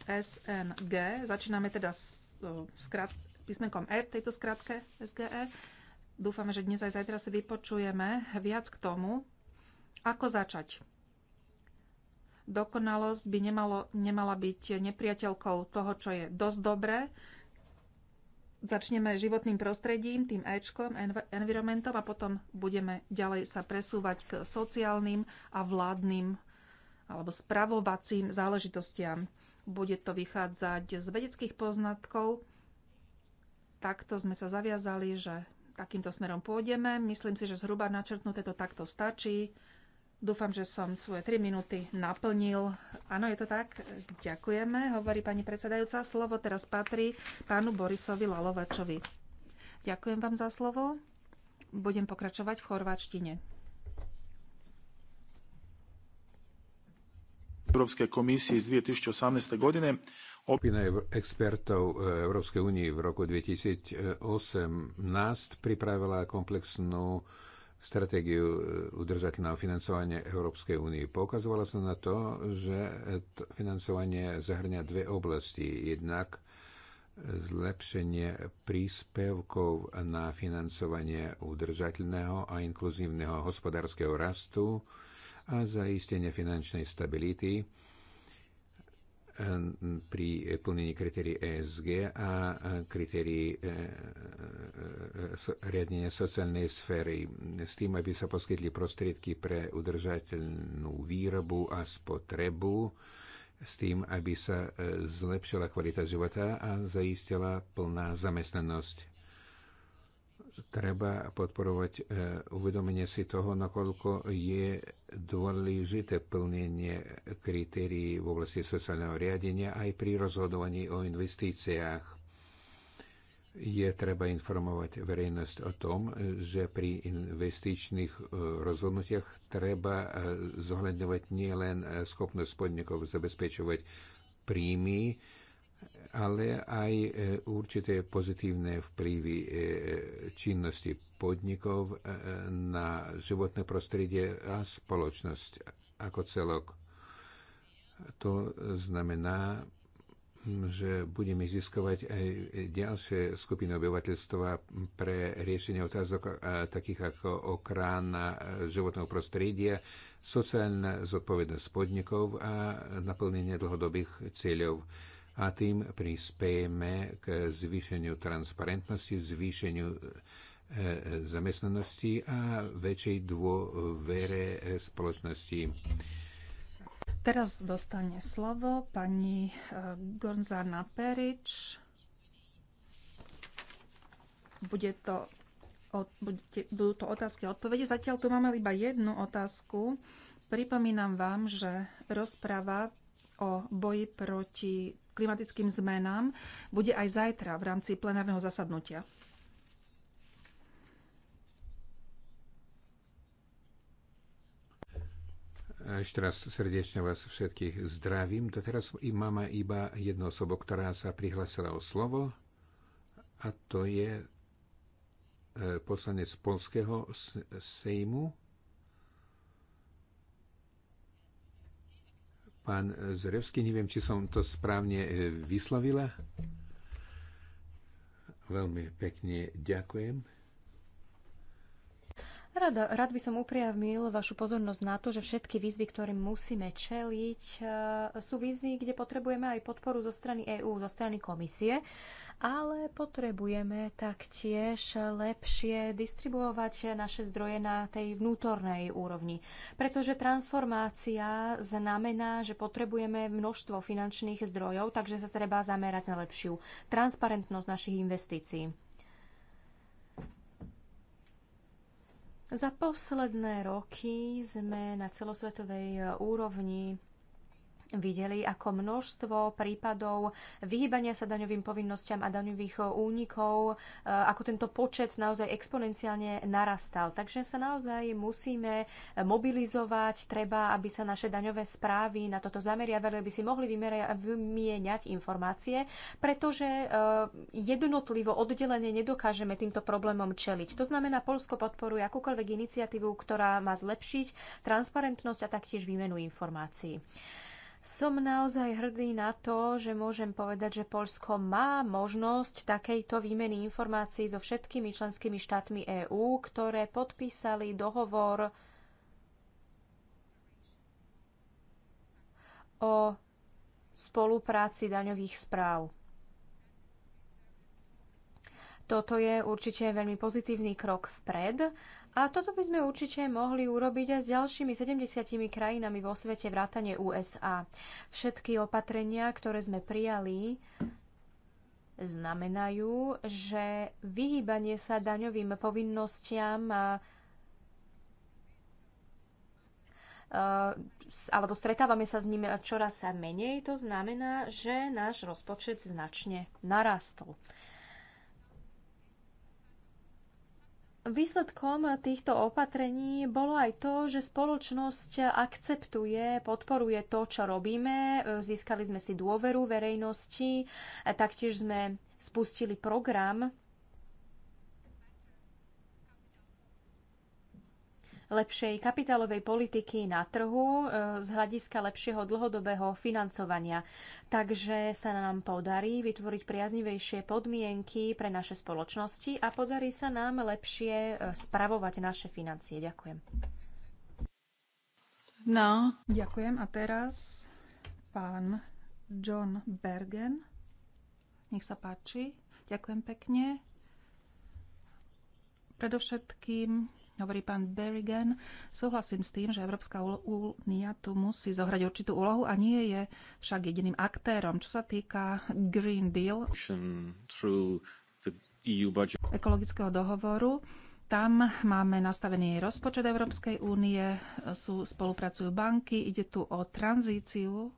SNG. Začíname teda s, krát, písmenkom E v tejto skratke SGE. Dúfame, že dnes aj zajtra si vypočujeme viac k tomu, ako začať. Dokonalosť by nemalo, nemala byť nepriateľkou toho, čo je dosť dobré, Začneme životným prostredím, tým Ečkom, env- environmentom a potom budeme ďalej sa presúvať k sociálnym a vládnym alebo spravovacím záležitostiam. Bude to vychádzať z vedeckých poznatkov. Takto sme sa zaviazali, že takýmto smerom pôjdeme. Myslím si, že zhruba načrtnuté to takto stačí. Dúfam, že som svoje 3 minúty naplnil. Áno, je to tak. Ďakujeme, hovorí pani predsedajúca. Slovo teraz patrí pánu Borisovi Lalovačovi. Ďakujem vám za slovo. Budem pokračovať v chorváčtine. Európskej komisie z 2018. godine. Opina expertov e, Európskej únie v roku 2018 pripravila komplexnú stratégiu e, udržateľného financovania Európskej únie. Poukazovala sa na to, že to financovanie zahrňa dve oblasti. Jednak zlepšenie príspevkov na financovanie udržateľného a inkluzívneho hospodárskeho rastu a zaistenie finančnej stability pri plnení kritérií ESG a kritérií e, e, e, riadenia sociálnej sféry s tým, aby sa poskytli prostriedky pre udržateľnú výrobu a spotrebu, s tým, aby sa zlepšila kvalita života a zaistila plná zamestnanosť treba podporovať e, uvedomenie si toho, nakoľko je dôležité plnenie kritérií v oblasti sociálneho riadenia aj pri rozhodovaní o investíciách. Je treba informovať verejnosť o tom, že pri investičných e, rozhodnutiach treba e, zohľadňovať nielen schopnosť podnikov zabezpečovať príjmy, ale aj e, určité pozitívne vplyvy e, e, činnosti podnikov na životné prostredie a spoločnosť ako celok. To znamená, že budeme získovať aj ďalšie skupiny obyvateľstva pre riešenie otázok takých ako okrána životného prostredia, sociálna zodpovednosť podnikov a naplnenie dlhodobých cieľov a tým prispejeme k zvýšeniu transparentnosti, zvýšeniu e, e, zamestnanosti a väčšej dôvere e, spoločnosti. Teraz dostane slovo pani Gonzana Perič. Bude to, budete, budú to otázky a odpovede. Zatiaľ tu máme iba jednu otázku. Pripomínam vám, že rozpráva o boji proti klimatickým zmenám bude aj zajtra v rámci plenárneho zasadnutia. Ešte raz srdečne vás všetkých zdravím. Doteraz máme iba jednu osobu, ktorá sa prihlásila o slovo a to je e, poslanec Polského sejmu Pán Zrevský, neviem, či som to správne e, vyslovila. Veľmi pekne ďakujem. Rada, rád by som upriamil vašu pozornosť na to, že všetky výzvy, ktorým musíme čeliť, e, sú výzvy, kde potrebujeme aj podporu zo strany EÚ, zo strany komisie, ale potrebujeme taktiež lepšie distribuovať naše zdroje na tej vnútornej úrovni. Pretože transformácia znamená, že potrebujeme množstvo finančných zdrojov, takže sa treba zamerať na lepšiu transparentnosť našich investícií. Za posledné roky sme na celosvetovej úrovni videli, ako množstvo prípadov vyhýbania sa daňovým povinnosťam a daňových únikov, e, ako tento počet naozaj exponenciálne narastal. Takže sa naozaj musíme mobilizovať, treba, aby sa naše daňové správy na toto zameriavali, aby si mohli vymieňať informácie, pretože e, jednotlivo, oddelenie nedokážeme týmto problémom čeliť. To znamená, Polsko podporuje akúkoľvek iniciatívu, ktorá má zlepšiť transparentnosť a taktiež výmenu informácií. Som naozaj hrdý na to, že môžem povedať, že Polsko má možnosť takejto výmeny informácií so všetkými členskými štátmi EÚ, ktoré podpísali dohovor o spolupráci daňových správ. Toto je určite veľmi pozitívny krok vpred a toto by sme určite mohli urobiť aj s ďalšími 70 krajinami vo svete vrátane USA. Všetky opatrenia, ktoré sme prijali, znamenajú, že vyhýbanie sa daňovým povinnostiam alebo stretávame sa s ním čoraz sa menej, to znamená, že náš rozpočet značne narastol. Výsledkom týchto opatrení bolo aj to, že spoločnosť akceptuje, podporuje to, čo robíme. Získali sme si dôveru verejnosti, taktiež sme spustili program lepšej kapitálovej politiky na trhu e, z hľadiska lepšieho dlhodobého financovania. Takže sa nám podarí vytvoriť priaznivejšie podmienky pre naše spoločnosti a podarí sa nám lepšie e, spravovať naše financie. Ďakujem. No, ďakujem. A teraz pán John Bergen. Nech sa páči. Ďakujem pekne. Predovšetkým Hovorí pán Berrigan, súhlasím s tým, že Európska únia tu musí zohrať určitú úlohu a nie je však jediným aktérom. Čo sa týka Green Deal, e ekologického dohovoru, tam máme nastavený rozpočet Európskej únie, sú, spolupracujú banky, ide tu o tranzíciu,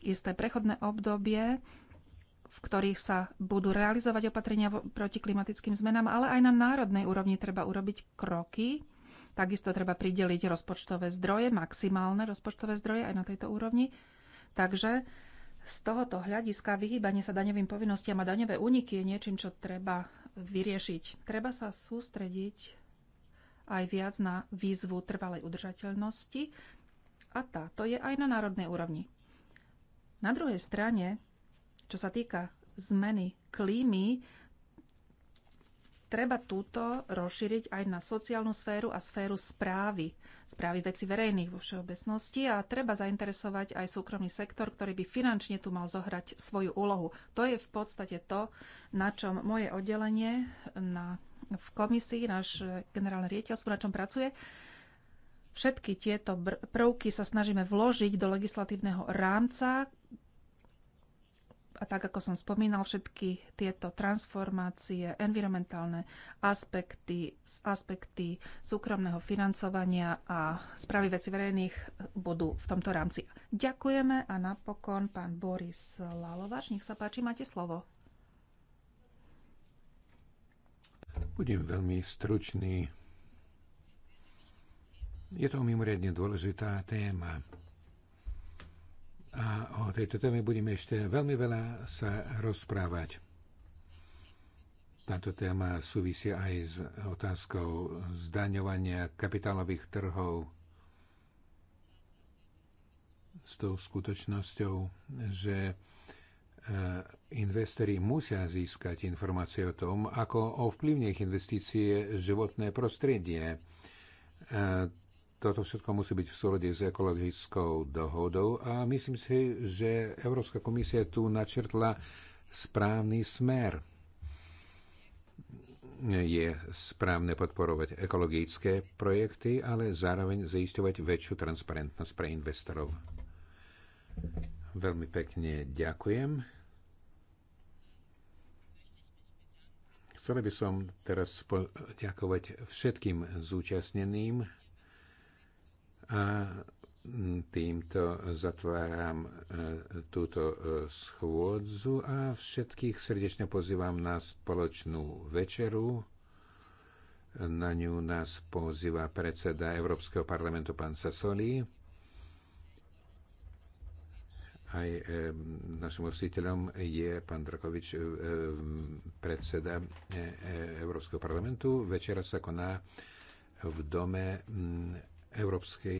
isté prechodné obdobie, v ktorých sa budú realizovať opatrenia proti klimatickým zmenám, ale aj na národnej úrovni treba urobiť kroky. Takisto treba prideliť rozpočtové zdroje, maximálne rozpočtové zdroje aj na tejto úrovni. Takže z tohoto hľadiska vyhýbanie sa daňovým povinnostiam a daňové úniky je niečím, čo treba vyriešiť. Treba sa sústrediť aj viac na výzvu trvalej udržateľnosti a táto je aj na národnej úrovni. Na druhej strane čo sa týka zmeny klímy, treba túto rozšíriť aj na sociálnu sféru a sféru správy, správy veci verejných vo všeobecnosti a treba zainteresovať aj súkromný sektor, ktorý by finančne tu mal zohrať svoju úlohu. To je v podstate to, na čom moje oddelenie na, v komisii, náš generálne riediteľstvo, na čom pracuje. Všetky tieto prvky sa snažíme vložiť do legislatívneho rámca, a tak, ako som spomínal, všetky tieto transformácie, environmentálne aspekty, aspekty súkromného financovania a správy veci verejných budú v tomto rámci. Ďakujeme a napokon pán Boris Lalovaš, nech sa páči, máte slovo. Budem veľmi stručný. Je to mimoriadne dôležitá téma. A o tejto téme budeme ešte veľmi veľa sa rozprávať. Táto téma súvisí aj s otázkou zdaňovania kapitálových trhov s tou skutočnosťou, že e, investori musia získať informácie o tom, ako ovplyvní ich investície životné prostredie e, toto všetko musí byť v súlade s ekologickou dohodou a myslím si, že Európska komisia tu načrtla správny smer. Je správne podporovať ekologické projekty, ale zároveň zaistovať väčšiu transparentnosť pre investorov. Veľmi pekne ďakujem. Chcel by som teraz poďakovať všetkým zúčastneným a týmto zatváram e, túto e, schôdzu a všetkých srdečne pozývam na spoločnú večeru. Na ňu nás pozýva predseda Európskeho parlamentu pán Sasoli. Aj e, našim hostiteľom je pán Drakovič, predseda Európskeho parlamentu. Večera sa koná v dome Európskej